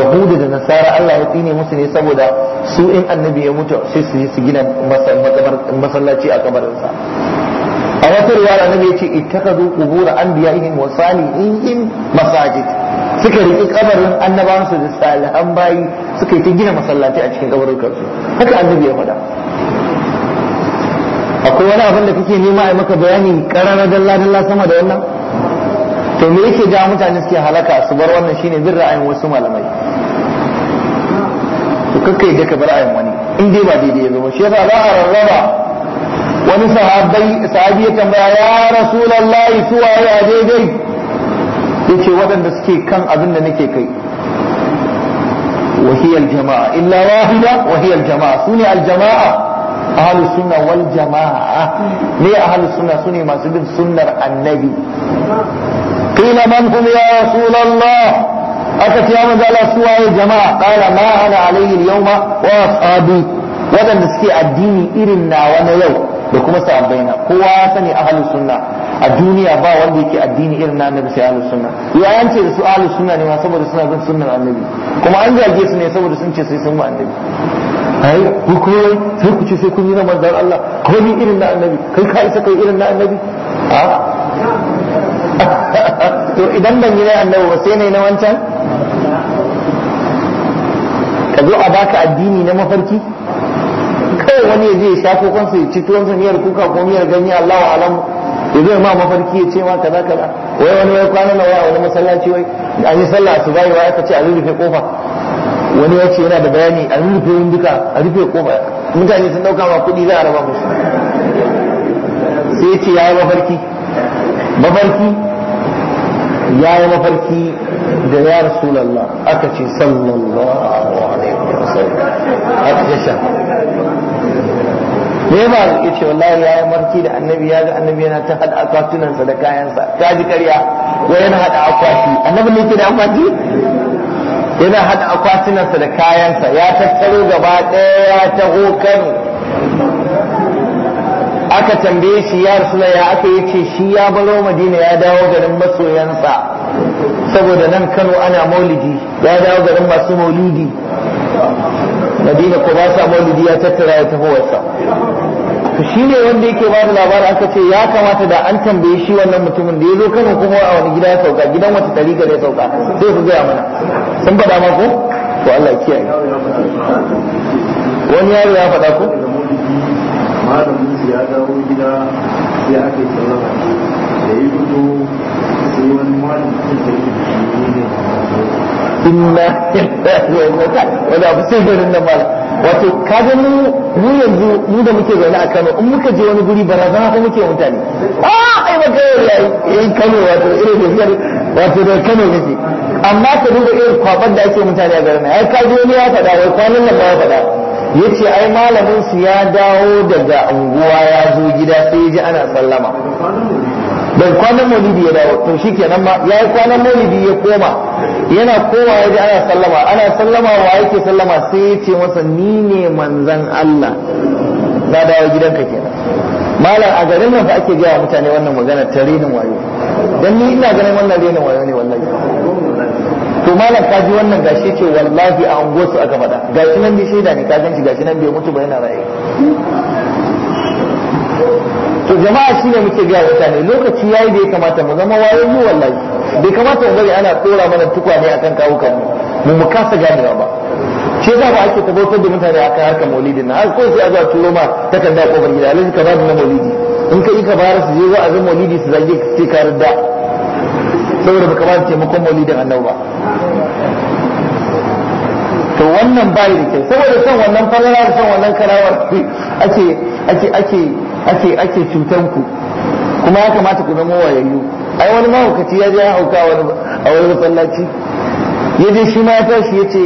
yahudu da nasara Allah ya tsine musu ne saboda su in annabi ya mutu sai su yi su gina masallaci a kabarinsa a wata riwaya annabi yace ittakazu qubur anbiya'ihim wa salihihim masajid suka riƙi kabarin annabawan su da salihan bayi suka yi ta gina masallaci a cikin kabarin kansu haka annabi ya faɗa akwai wani abin da kake nema a maka bayani karara dalla dalla sama da wannan to me yake ja mutane suke halaka su bar wannan shine bin ra'ayin wasu malamai to kakkai da ka bar ra'ayin wani in dai ba daidai ya zama shi yasa za a rarraba wani sahabbai sahabi ya ya rasulullahi suwa ya daidai ya ce waɗanda suke kan abin da nake kai wahiyar jama'a illa wahida wahiyar jama'a su ne aljama'a ahalu sunna jama'a ne ahalu sunna su ne masu bin sunnar annabi qila man hum ya rasulullah aka ce mu zala suwa ya jama'a qala ma ana alayhi al-yawma wa ashabi waɗanda suke addini irin nawa na yau da kuma sahabbaina kowa ya sani ahlus sunna a duniya ba wanda yake addini irin na annabi sai ahlus sunna ya yance da su ahlus sunna ne ma saboda suna bin sunnar annabi kuma an zage su ne saboda sun ce sai sun bi annabi ai ku koyi sai ku ce sai kun yi na manzon Allah ko ni irin na annabi kai ka isa kai irin na annabi a to idan ban yi na annabi ba sai ne na wancan ka zo a baka addini na mafarki kawai wani ya je ya sha kokon su ci tuwon miyar kuka ko miyar ganye Allahu alamu ya zai ma mafarki ya ce ma kaza kaza wai wani ya kwana na waya wani masallaci wai an yi sallah su bayi wai aka ce a rufe kofa wani ya ce yana da bayani a rufe yin duka a rufe kofa mutane sun dauka ma kuɗi za a raba musu sai ya ce ya yi mafarki mafarki ya yi mafarki da ya rasulallah aka ce sallallahu alaihi wasallam aka ce sha ne ba ya ce wallahi ya yi marki da annabi ya ga annabi yana ta hada akwatunansa da kayansa ta ji karya wai yana hada akwati annabi ne ke da akwati yana hada akwatunansa da kayansa ya tattaro gaba ɗaya ya taho aka tambaye shi ya rasu ya aka yi ce shi ya baro madina ya dawo garin masoyansa saboda nan kano ana maulidi ya dawo garin masu maulidi madina ko ba sa maulidi ya tattara ya tafi wasa to shi ne wanda yake ba da labari aka ce ya kamata da an tambaye shi wannan mutumin da ya zo kano kuma a wani gida ya sauka gidan wata tari da ya sauka sai ku gaya mana sun faɗa ma ku to Allah ya kiyaye wani yaro ya faɗa ko malamin su ya dawo gida sai aka yi sallama da ya fito sai wani malamin inna wani abu sai garin nan mala wato kaga mu mu yanzu mu da muke zaune a Kano in muka je wani guri barazana ko muke mutane a ai maka yayi Kano wato irin da biyar wato da Kano kake amma ka duba irin kwabar da ake mutane a garin nan ai ka je wani ya faɗa wai kwanan nan ba ya faɗa yace ai malamin su ya dawo daga unguwa ya zo gida sai ya ji ana sallama dan kwanan maulidi ya dawo to shikenan ma yayi kwanan maulidi ya koma yana kowa ya ji ana sallama ana sallama wa yake sallama sai ya ce masa ni ne manzan Allah na dawo gidanka kenan malam a garin nan fa ake ga mutane wannan magana ta renin wayo dan ni ina ganin wannan renin wayo ne wallahi to malam ka ji wannan gashi ce wallahi a ango su aka faɗa gashi nan bai shaida ne ka ganci gashi nan bai mutu ba yana raye to jama'a shi ne muke ga mutane lokaci yayi da ya kamata mu zama mu wallahi bai kamata mu bari ana tsora mana tukwane akan kawukan mu mu mu kasa ganewa ba ce za ba ake tabbatar da mutane akan harkar maulidin na har sai a zuwa turo ma takarda kofar gida alhaji ka bani na maulidi in ka ka bayar su je za a zo maulidi su zage ka ce ka rida saboda baka mu taimakon maulidin annabi ba to wannan bai da kyau saboda son wannan falala son wannan karawar ake ake ake ake ake cutan ku kuma ya kamata ku zama wayayyu ai wani mahaukaci ya je ya hauka a wani masallaci ya je shi ma ya tashi ya ce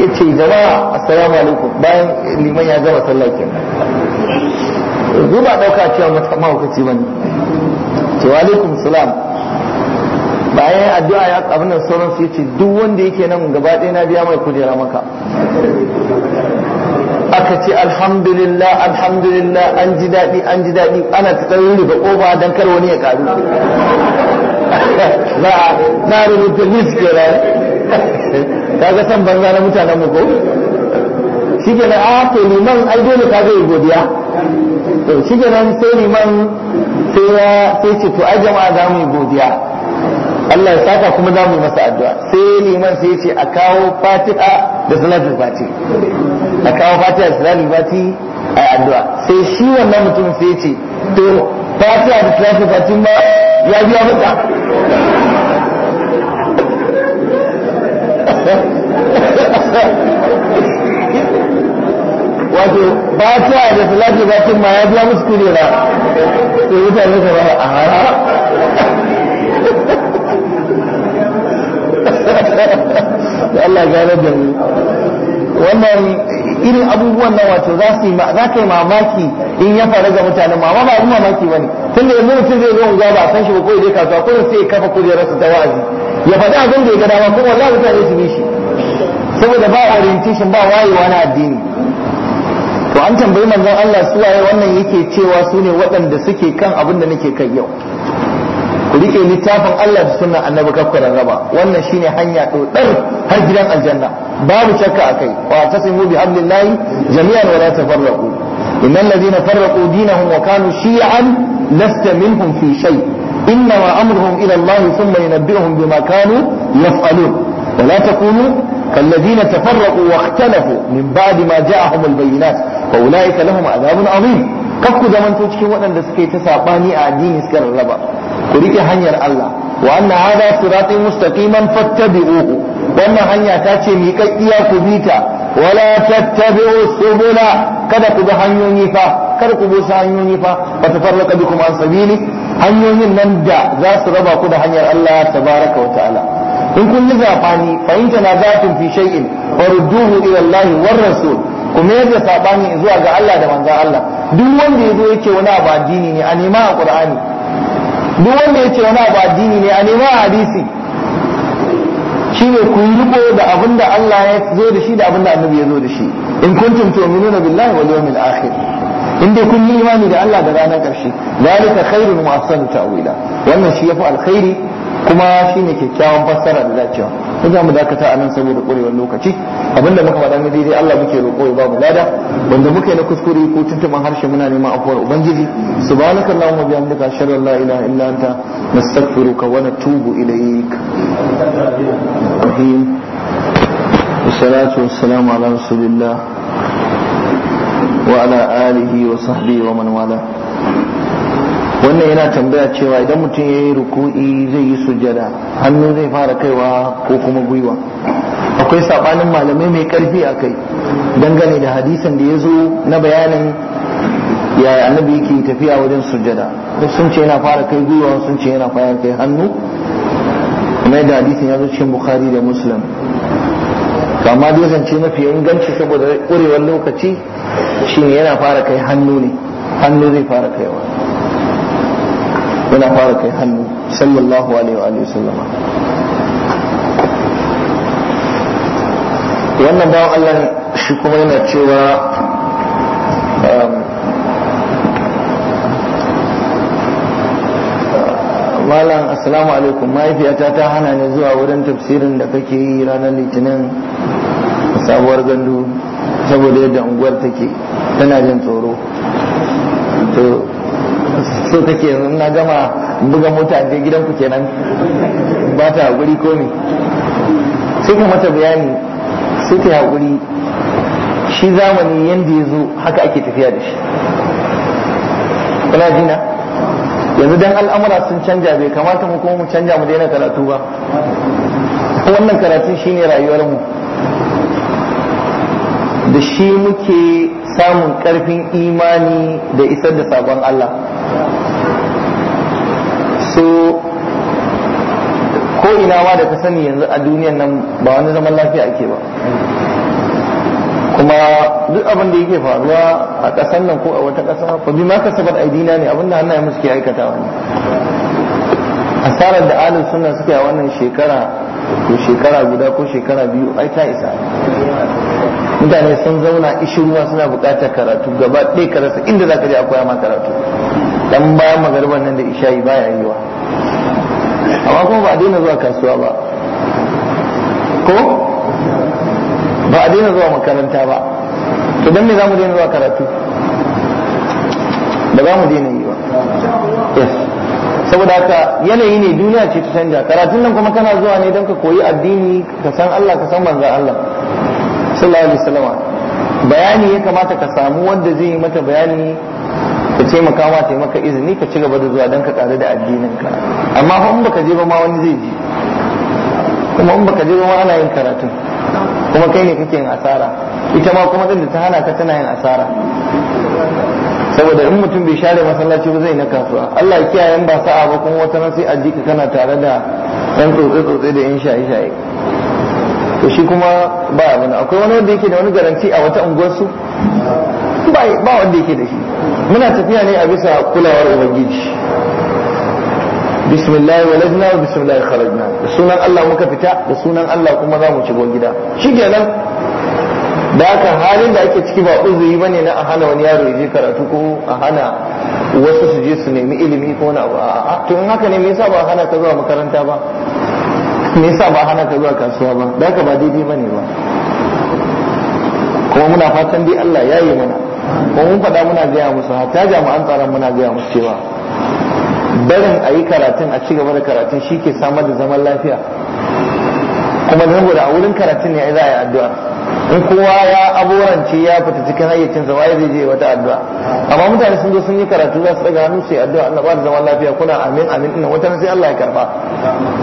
ya ce jama'a assalamu alaikum bayan liman ya gama sallakin. kenan zuba dauka cewa mata mahaukaci bane ce wa alaikum salam bayan addu'a ya abin nan sauran su yace duk wanda yake nan gaba ɗaya na biya mai kujera maka aka ce alhamdulillah alhamdulillah an ji daɗi an ji daɗi ana ta tsarin rufe ƙofa don kar wani ya ƙaru za a tsarin ke nis ta ga san banza na mutanen mu ko shi kenan a ah, to liman ai dole ka zai godiya to shi nan sai liman sai ya sai ce to ai jama'a za mu yi godiya Allah ya saka kuma za mu masa addu'a sai liman sai ya ce a kawo fatiha da salatu fati a kawo fatiha da salatul fati a addu'a sai shi wannan mutum sai ce to fatiha da salatul fati ma ya biya mata wato fatiha da salatul fati ma ya biya musu kujera sai mutane su ba a hara da Allah ya da wannan irin abubuwan nan wato za su za ka yi mamaki in ya faru ga mutane ma ba mu mamaki bane tunda yanzu mutum zai zo unguwa ba a san shi ba ko dai kasuwa ko sai ya kafa kujerarsa ta wa'azi ya faɗi abin da ya ga dama kuma wallahi mutane su bi shi saboda ba orientation ba wayewa na addini to an tambayi manzon Allah su waye wannan yake cewa su ne waɗanda suke kan abin da nake kai yau ku rike littafin Allah da sunnan annabi kafkaran raba wannan shine hanya dodar har gidan aljanna babu shakka akai wa tasimu bi hablillahi jami'an wa la tafarraqu innal ladina farraqu dinahum wa kanu shi'an lasta minhum fi shay إنما أمرهم إلى الله ثم ينبئهم بما كانوا يفعلون ولا تكونوا كالذين تفرقوا واختلفوا من بعد ما جاءهم البينات فأولئك لهم عذاب عظيم kakku zamanto cikin waɗanda suka ta saɓani a addini suka rarraba ku rike hanyar Allah wa anna hadha siratin mustaqiman fattabi'uhu wannan hanya ta ce miƙaƙƙiya ku bi ta wala tattabi'u subula kada ku bi hanyoyi fa kada ku bi hanyoyi fa fa bi bikum an sabili hanyoyin nan da za su raba ku da hanyar Allah tabaraka wa ta'ala in kun yi zafani fahimta na zafin fi shay'in farudduhu ila Allah war rasul ku mayar da sabani zuwa ga Allah da manzon Allah duk wanda yazo yake wani abu addini ne a nema a Qur'ani duk wanda ya ce wani abu addini ne a nema hadisi shi ne ku riko da abin da Allah ya zo da shi da abin da annabi ya zo da shi in kuntum tu'minuna billahi wal yawmil akhir in dai kun yi imani da Allah da ranar ƙarshe zalika khairun wa ahsanu ta'wila wannan shi yafi alkhairi kuma shine kyakkyawan fassara da dacewa ko za mu dakata a nan saboda ƙwarewar lokaci abinda muka faɗa na daidai Allah muke roƙo ya ba mu lada wanda muka yi na kuskure ko tuntuban harshe muna neman afuwar ubangiji subhanaka allahumma bihamdika ashhadu an la ilaha illa anta nastaghfiruka wa natubu ilaik rahim ala والسلام على رسول الله wa آله وصحبه ومن والاه wannan yana tambaya cewa idan mutum ya yi ruku'i zai yi sujada hannu zai fara kaiwa ko kuma gwiwa akwai sabanin malamai mai karfi a kai dangane da hadisan da ya zo na bayanin yaya annabi yake tafiya wajen sujada sun ce yana fara kai gwiwa sun ce yana fara kai hannu kuma yadda hadisin ya zo cikin bukhari da muslim kama dai zance mafi inganci saboda ƙurewar lokaci shine yana fara kai hannu ne hannu zai fara kaiwa yana fara kai hannu sallallahu alaihi wa sallama wannan bawan Allah shi kuma yana cewa um, malam assalamu alaikum mahaifiyata ta hana ni zuwa wurin tafsirin da kake yi ranar litinin sabuwar gandu saboda yadda unguwar take tana jin tsoro so kake yanzu na gama buga mota gidan ku kenan ba ta haƙuri ko ne sai ka mata bayani sai ta haƙuri shi zamani yadda ya zo haka ake tafiya da shi yanzu dan al'amura sun canja bai kamata mu kuma mu canja mu daina karatu ba wannan karatun shine rayuwarmu da shi muke samun karfin imani da isar da sabon Allah so ko ina ma da ka sani yanzu a duniyan nan ba wani zaman lafiya ake ba kuma duk abin da yake faruwa a ƙasar nan ko a wata ƙasa ba bi ma kasabar aidina ne abin da hannayen musu ke aikatawa ne asarar da alin suna suke a wannan shekara ko shekara guda ko shekara biyu ai ta isa mutane sun zauna ishiruwa suna buƙatar karatu gaba ɗaya ka inda za ka je akwai koya ma karatu dan bayan magarban nan da isha'i baya yiwa amma kuma ba a daina zuwa kasuwa ba ko ba a daina zuwa makaranta ba to dan me za mu daina zuwa karatu ba za mu daina yi ba saboda haka yanayi ne duniya ce ta canja karatun nan kuma kana zuwa ne don ka koyi addini ka san Allah ka san manzon Allah sallallahu alaihi wasallam bayani ya kamata ka samu wanda zai yi mata bayani ka taimaka wa taimaka izini ka ci gaba da zuwa don ka tsare da addininka amma in baka je ba ma wani zai ji kuma in baka je ba ma ana yin karatun kuma kai ne kake yin asara ita ma kuma din da ta hana ka tana yin asara saboda in mutum bai share masallaci ba zai na kasuwa Allah ya kiyaye ba sa'a ba kuma wata nan sai ajika kana tare da yan tsotse tsotse da yan shaye shaye to shi kuma ba abin akwai wani wanda yake da wani garanti a wata unguwar su ba ba wanda yake da shi muna tafiya ne a bisa kulawar ubangiji bismillah walajna wa bismillah kharajna da sunan Allah muka fita da sunan Allah kuma za mu shigo gida shikenan da haka halin da ake ciki ba uzuri bane na a hana wani yaro ya je karatu ko a hana wasu su je su nemi ilimi ko na ba to in haka ne me yasa ba hana ka zuwa makaranta ba me yasa ba hana ka zuwa kasuwa ba da haka ba daidai bane ba kuma muna fatan dai Allah ya yi mana ko mun faɗa muna gaya musu hatta jami'an tsaron muna gaya musu cewa barin a yi karatun a cigaba da karatun shi ke samar da zaman lafiya kuma saboda a wurin karatun ne za a yi addu'a in kowa ya aborance ya fita cikin hayyacinsa waye zai je wata addu'a amma mutane sun zo sun yi karatu za su daga hannu sai addu'a Allah ba da zaman lafiya kuna amin amin ina wata sai Allah ya karba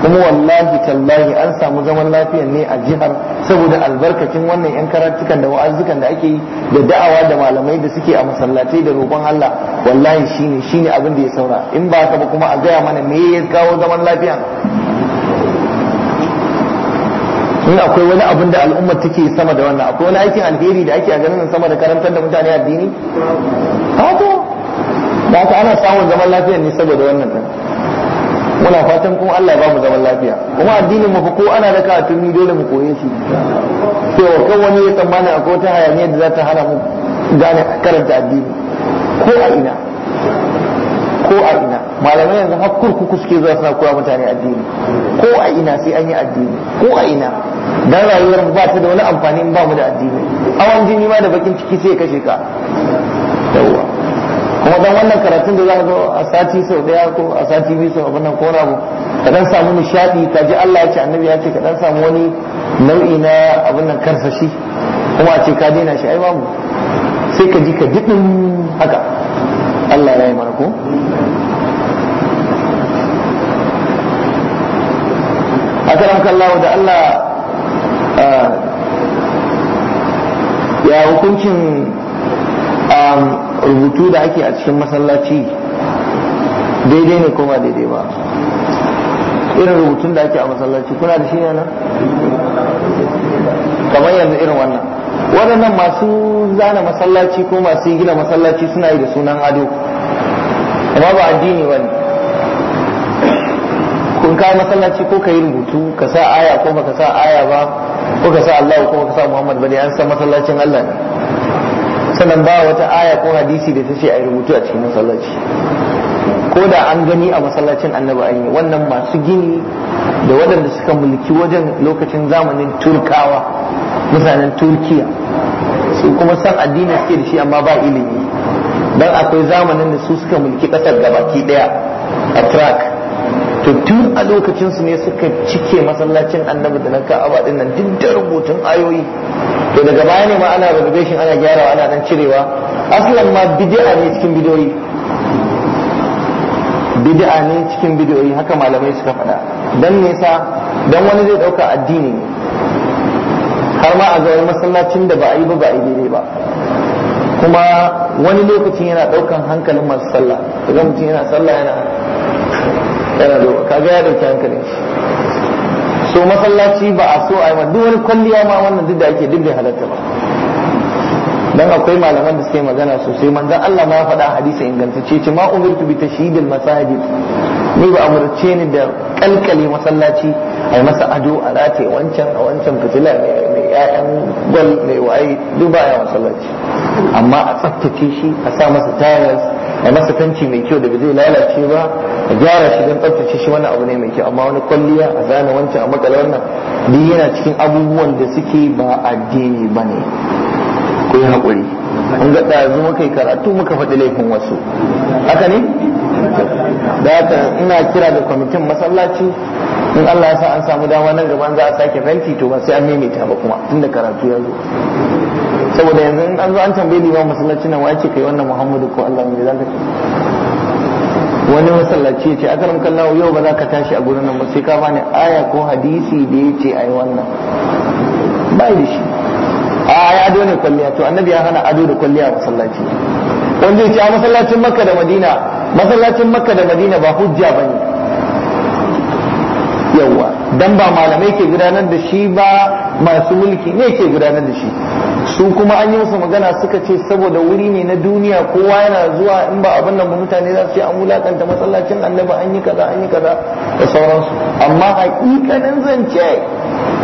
kuma wallahi tallahi an samu zaman lafiya ne a jihar saboda albarkacin wannan yan karatukan da wa'azukan da ake yi da da'awa da malamai da suke a masallatai da roƙon Allah wallahi shine shine abin da ya saura in ba ka ba kuma a gaya mana me ya kawo zaman lafiya domin akwai wani abin da al'ummar take sama da wannan akwai wani aikin alheri da ake a ganin sama da karantar da mutane addini haka da aka ana samun zaman lafiya ne saboda wannan ta muna fatan kuma Allah ba mu zaman lafiya kuma addinin mu fa ko ana da ni dole mu koye shi cewa kan wani ya tsammana akwai wata hayaniya da za ta hana mu gane karanta addini ko a ina ko a ina malamai yanzu har kurkuku suke zuwa suna koya mutane addini ko a ina sai an yi addini ko a ina dan rayuwar ba ta da wani amfani in ba mu da addini awan jini ma da bakin ciki sai kashe ka yawa kuma dan wannan karatun da za ka zo a sati sau daya ko a sati biyu sau abin nan ko rabu ka dan samu nishadi ka ji Allah ya ce annabi ya ce ka dan samu wani nau'i na abin nan karsashi kuma a ce ka daina shi ai babu sai ka ji ka jiɗin haka Allah ya yi mana ko akaram kallawa da Allah ya hukuncin rubutu da ake a cikin masallaci daidai ne kuma daidai ba irin rubutun da ake a masallaci kuna da shi ne nan kamar yanzu irin wannan waɗannan masu zana masallaci ko masu gina masallaci suna yi da sunan ado amma ba addini ba ne kun kawo masallaci ko ka yi rubutu ka sa aya ko baka sa aya ba ko ka sa Allah ko baka sa Muhammad bane an san masallacin Allah ne sannan ba wata aya ko hadisi da ta ce a yi rubutu a cikin masallaci ko da an gani a masallacin annabi an yi wannan masu gini da waɗanda suka mulki wajen lokacin zamanin turkawa mutanen turkiya su kuma san addini suke da shi amma ba ilimi dan akwai zamanin da su suka mulki ƙasar gabaki ɗaya a track to tun a lokacinsu ne suka cike masallacin annabi da na ka'aba din nan duk da rubutun ayoyi to daga baya ne ma ana rubutun ana gyarawa ana dan cirewa aslan ma bid'a ne cikin bidiyoyi bid'a ne cikin bidiyoyi haka malamai suka faɗa dan nesa dan wani zai dauka addini ne har ma a ga masallacin da ba a yi ba ba a yi daidai ba kuma wani lokacin yana daukan hankalin masu sallah idan mutum yana sallah yana yana ka ga ya dauki hankali so masallaci ba a so a yi duk wani kwalliya ma wannan duk da ake duk bai halatta ba dan akwai malaman da suke magana sosai manzon Allah ma faɗa hadisi ingantacce ce ma umirtu bi tashyidil masajid ni ba amurce ni da kalkale masallaci ai masa ado a rate wancan a wancan fitila mai ƴaƴan gwal mai waye duk ba ya masallaci amma a tsaftace shi a sa masa tiles a masa tanci mai kyau da ba zai lalace ba a gyara shi don tsaftace shi wani abu ne mai kyau amma wani kwalliya a zana wancan a makala wannan duk yana cikin abubuwan da suke ba addini ba ne Ko yi haƙuri an ga ɗazu muka yi karatu muka faɗi laifin wasu haka ne da haka ina kira da kwamitin masallaci in Allah ya sa an samu dama nan gaban za a sake fenti to ba sai an maimaita ba kuma tunda karatu ya zo saboda yanzu in an zo an tambaye liman masallacin nan wace kai wannan Muhammadu ko Allah mai zaka wani masallaci ya ce akaram kallahu yau ba za ka tashi a gurin nan ba sai ka bani aya ko hadisi da ya ce ai wannan ba da shi a ya ado ne kwalliya to annabi ya hana ado da kwalliya a masallaci wanda ya ce a masallacin makka da madina masallacin makka da madina ba hujja ne. dan ba malamai ke gudanar da shi ba masu mulki ne ke gudanar da shi su kuma an yi musu magana suka ce saboda wuri ne na duniya kowa yana zuwa in ba abin nan mutane za su ce an wulakanta masallacin annabi an yi kaza an yi kaza da sauransu amma hakikanin zance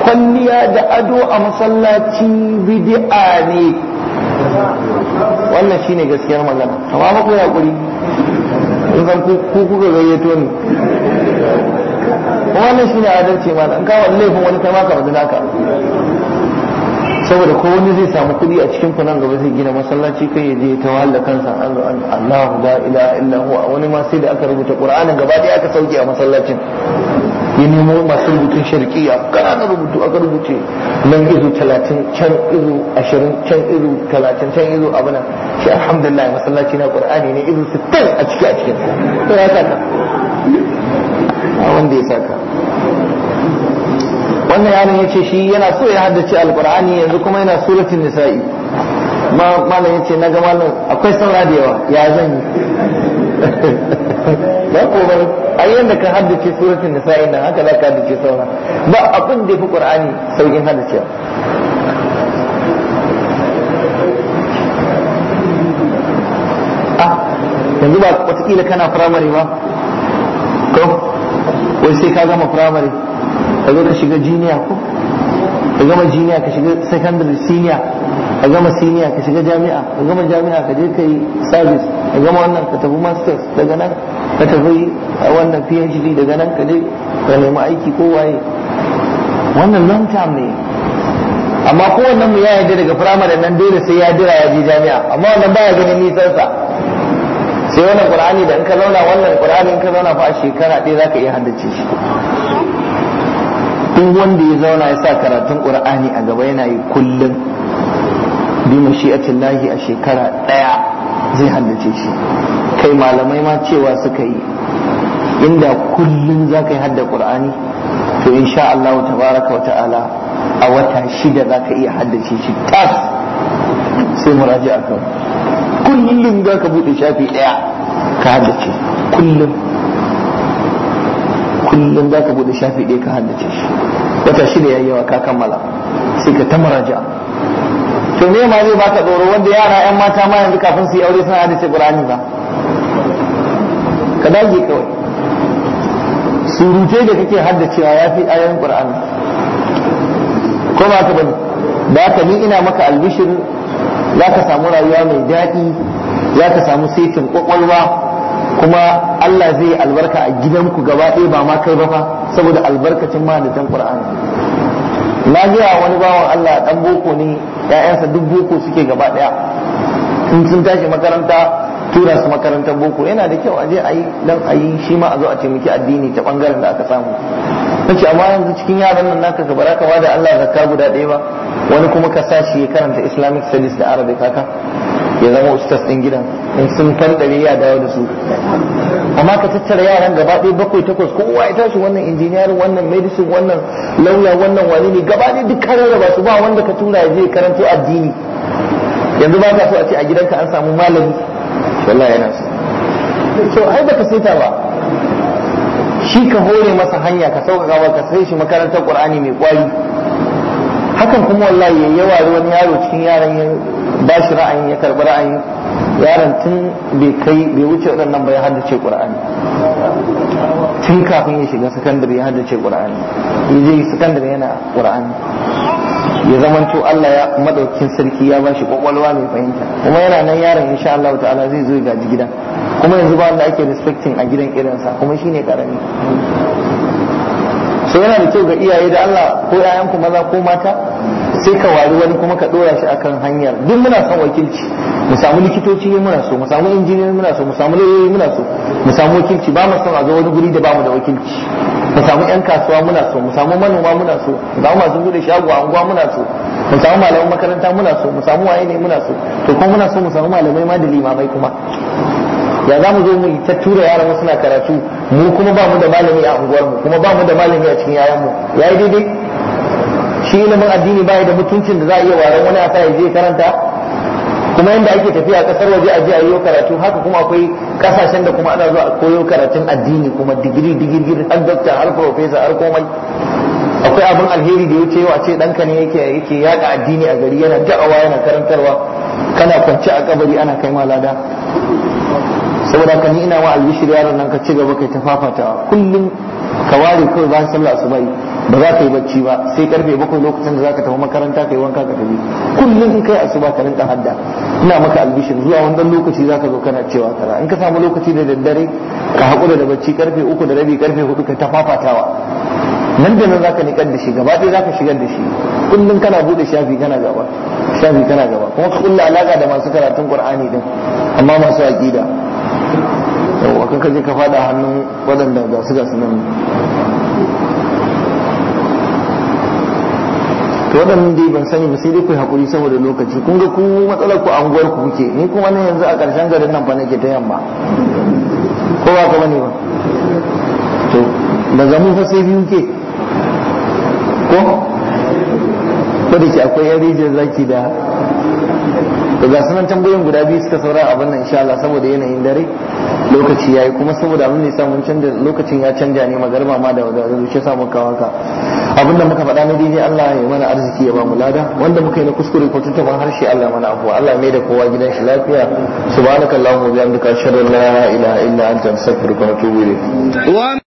kwalliya da ado a masallaci bid'a ne wannan shine gaskiyar magana amma ba ku hakuri in zan ku kuka gayyato ni kuma nan shine adalci ma an kawo laifin wani kai maka bazina ka saboda ko wani zai samu kuɗi a cikin ku nan gaba zai gina masallaci kai ya je ta wahala kansa an Allahu la ilaha illa huwa wani ma sai da aka rubuta Qur'anin gaba ɗaya aka sauke a masallacin ya nemo masu rubutun shirkiya kana rubutu aka rubuce nan izu talatin can izu ashirin can izu talatin can izu abu shi alhamdulillah masallaci na qur'ani ne izu sittin a ciki a cikin to ya wanda ya saka wannan yaron ya ce shi yana so ya haddace alkur'ani yanzu kuma yana suratun nisa'i malam ya ce na ga malam akwai saura da yawa ya zan yi ba ko ba ai yanda ka haddace suratun nisa'i nan haka za ka haddace saura ba abin da ya fi qur'ani saukin ah, yanzu ba watakila kana firamare ba ko wai sai ka gama primary ka zo ka shiga jiniya ko ka gama jiniya ka shiga secondary senior ka gama senior ka shiga jami'a ka gama jami'a ka je ka yi service ka gama wannan ka tafi masters daga nan ka tafi wannan phd daga nan ka je ka nemi aiki ko waye wannan long term ne amma kowannen mu ya yaje daga firamare nan dole sai ya dira ya je jami'a amma wannan baya ganin nisansa sai wannan qur'ani da in ka zauna wannan qur'ani in ka zauna fa a shekara ɗaya zaka iya haddace shi duk wanda ya zauna ya sa karatun qur'ani a gaba yana yi kullum bi shi a shekara ɗaya zai haddace shi kai malamai ma cewa suka yi inda kullum za ka yi hadda qur'ani to insha Allah tabaraka wa ta'ala a wata shida za ka iya haddace shi tas sai muraji a kawai kullum za ka buɗe shafi ɗaya ka haddace kullum kullum za ka buɗe shafi ɗaya ka haddace shi wata shida ya yawa ka kammala sai ka ta maraja to me ma zai baka tsoro wanda yara yan mata ma yanzu kafin su yi aure suna haddace qur'ani ba ka dage kawai surutai da kake haddacewa ya fi ayoyin qur'ani ko ba ka bane da haka ni ina maka albishir za ka samu rayuwa mai daɗi za ka samu saitin ƙwaƙwalwa kuma Allah zai albarka a gidanku gaba ɗaya ba ma kai ba fa saboda albarkacin mahadatan Qur'ani na gaya wani bawan Allah ɗan boko ne ƴaƴansa duk boko suke gaba ɗaya in sun tashi makaranta tura su makarantar boko yana da kyau a je a yi dan a yi shi ma a zo a taimaki addini ta bangaren da aka samu nace amma yanzu cikin yaran nan naka ka baraka ba da Allah zakka guda ɗaya ba wani kuma ka sa shi ya karanta Islamic studies da Arabic haka ya zama ustaz din gidan in sun fandare ya dawo da su amma ka tattara yaran gaba ɗaya bakwai takwas kowa ya tashi wannan injiniyar wannan medicine wannan lauya wannan wani ne gaba ɗaya duk da su ba wanda ka tura ya je karanto addini yanzu ba ka so a ce a gidanka an samu malami wallahi yana so so ai baka saita ba shi ka hore masa hanya ka sauƙaƙa wa ka sai shi makarantar qur'ani mai ƙwari. hakan kuma wallahi ya yawa wani yaro cikin yaran ya ba shi ra'ayin ya karɓi ra'ayin yaron tun bai kai bai wuce waɗannan ba ya haddace qur'ani tun kafin ya shiga sakandare ya haddace qur'ani ya je sakandare yana qur'ani ya zama to Allah ya madaukin sarki ya ba shi kwakwalwa mai fahimta kuma yana nan yaron insha Allah ta'ala zai zo gaji gida kuma yanzu ba wanda ake respecting a gidan irinsa kuma shi ne karami sai yana da kyau ga iyaye da Allah ko ku maza ko mata sai ka wari wani kuma ka ɗora shi akan hanyar duk muna son wakilci mu samu likitoci ne muna so mu samu injiniyoyi muna so mu samu lauyoyi muna so mu samu wakilci ba mu son a zo wani guri da ba mu da wakilci mu samu yan kasuwa muna so mu samu manoma muna so mu samu masu bude shago a unguwa muna so mu samu malaman makaranta muna so mu samu waye ne muna so to kuma muna so mu samu malamai ma da limamai kuma ya za mu zo mu ta tura yaran wasu na karatu mu kuma ba mu da malami a unguwarmu kuma ba mu da malami a cikin yayanmu ya yi daidai shi ilimin addini ba da mutuncin da za a iya waran wani a ya je karanta kuma yadda ake tafiya kasar waje a je a yi karatu haka kuma akwai kasashen da kuma ana zuwa a koyo karatun addini kuma digiri digiri har doctor har professor har komai akwai abin alheri da yace yau a ce danka ne yake yake yaka addini a gari yana da'awa yana karantarwa kana kwance a kabari ana kai ma lada saboda ka ni ina wa albishir yaron nan ka ci gaba kai ta fafata kullum ka ware kawai bayan sallah asubai ba za ka yi bacci ba sai karfe bakwai lokacin da za ka tafi makaranta ka yi wanka ka tafi kullum in kai asuba ka rinka hadda ina maka albishir zuwa wannan lokaci za ka zo kana cewa kaza in ka samu lokaci da daddare ka haƙura da bacci karfe uku da rabi karfe hudu ka ta fafatawa nan da nan za ka niƙar da shi gaba ɗaya za ka shigar da shi kullum kana buɗe shafi kana gaba shafi kana gaba kuma ka kulla alaƙa da masu karatun ƙur'ani din amma masu aƙida yau akan kaje ka fada hannun waɗanda ga su gasu nan to waɗannan dai ban sani ba sai dai ku haƙuri saboda lokaci kun ga ku matsalar ku anguwar ku kuke ni kuma ne yanzu a ƙarshen garin nan fa nake ta yamma ko ba ka bane ba to da zamu fa sai biyu ke ko ko da ke akwai yan rijiyar zaki da da ga sunan tambayoyin guda biyu suka saura abin nan insha Allah saboda yanayin dare lokaci yayi kuma saboda abin ne lokacin ya canja ne magarba ma da wadda shi samu kawaka abin abinda muka faɗa na dai Allah ya mana arziki ya ba mu lada wanda muka yi na kuskure ko tuntuban harshe Allah mana afuwa Allah mai da kowa gidan shi lafiya subhanakallahumma wa bihamdika ashhadu an la ilaha illa anta astaghfiruka wa atubu ilayk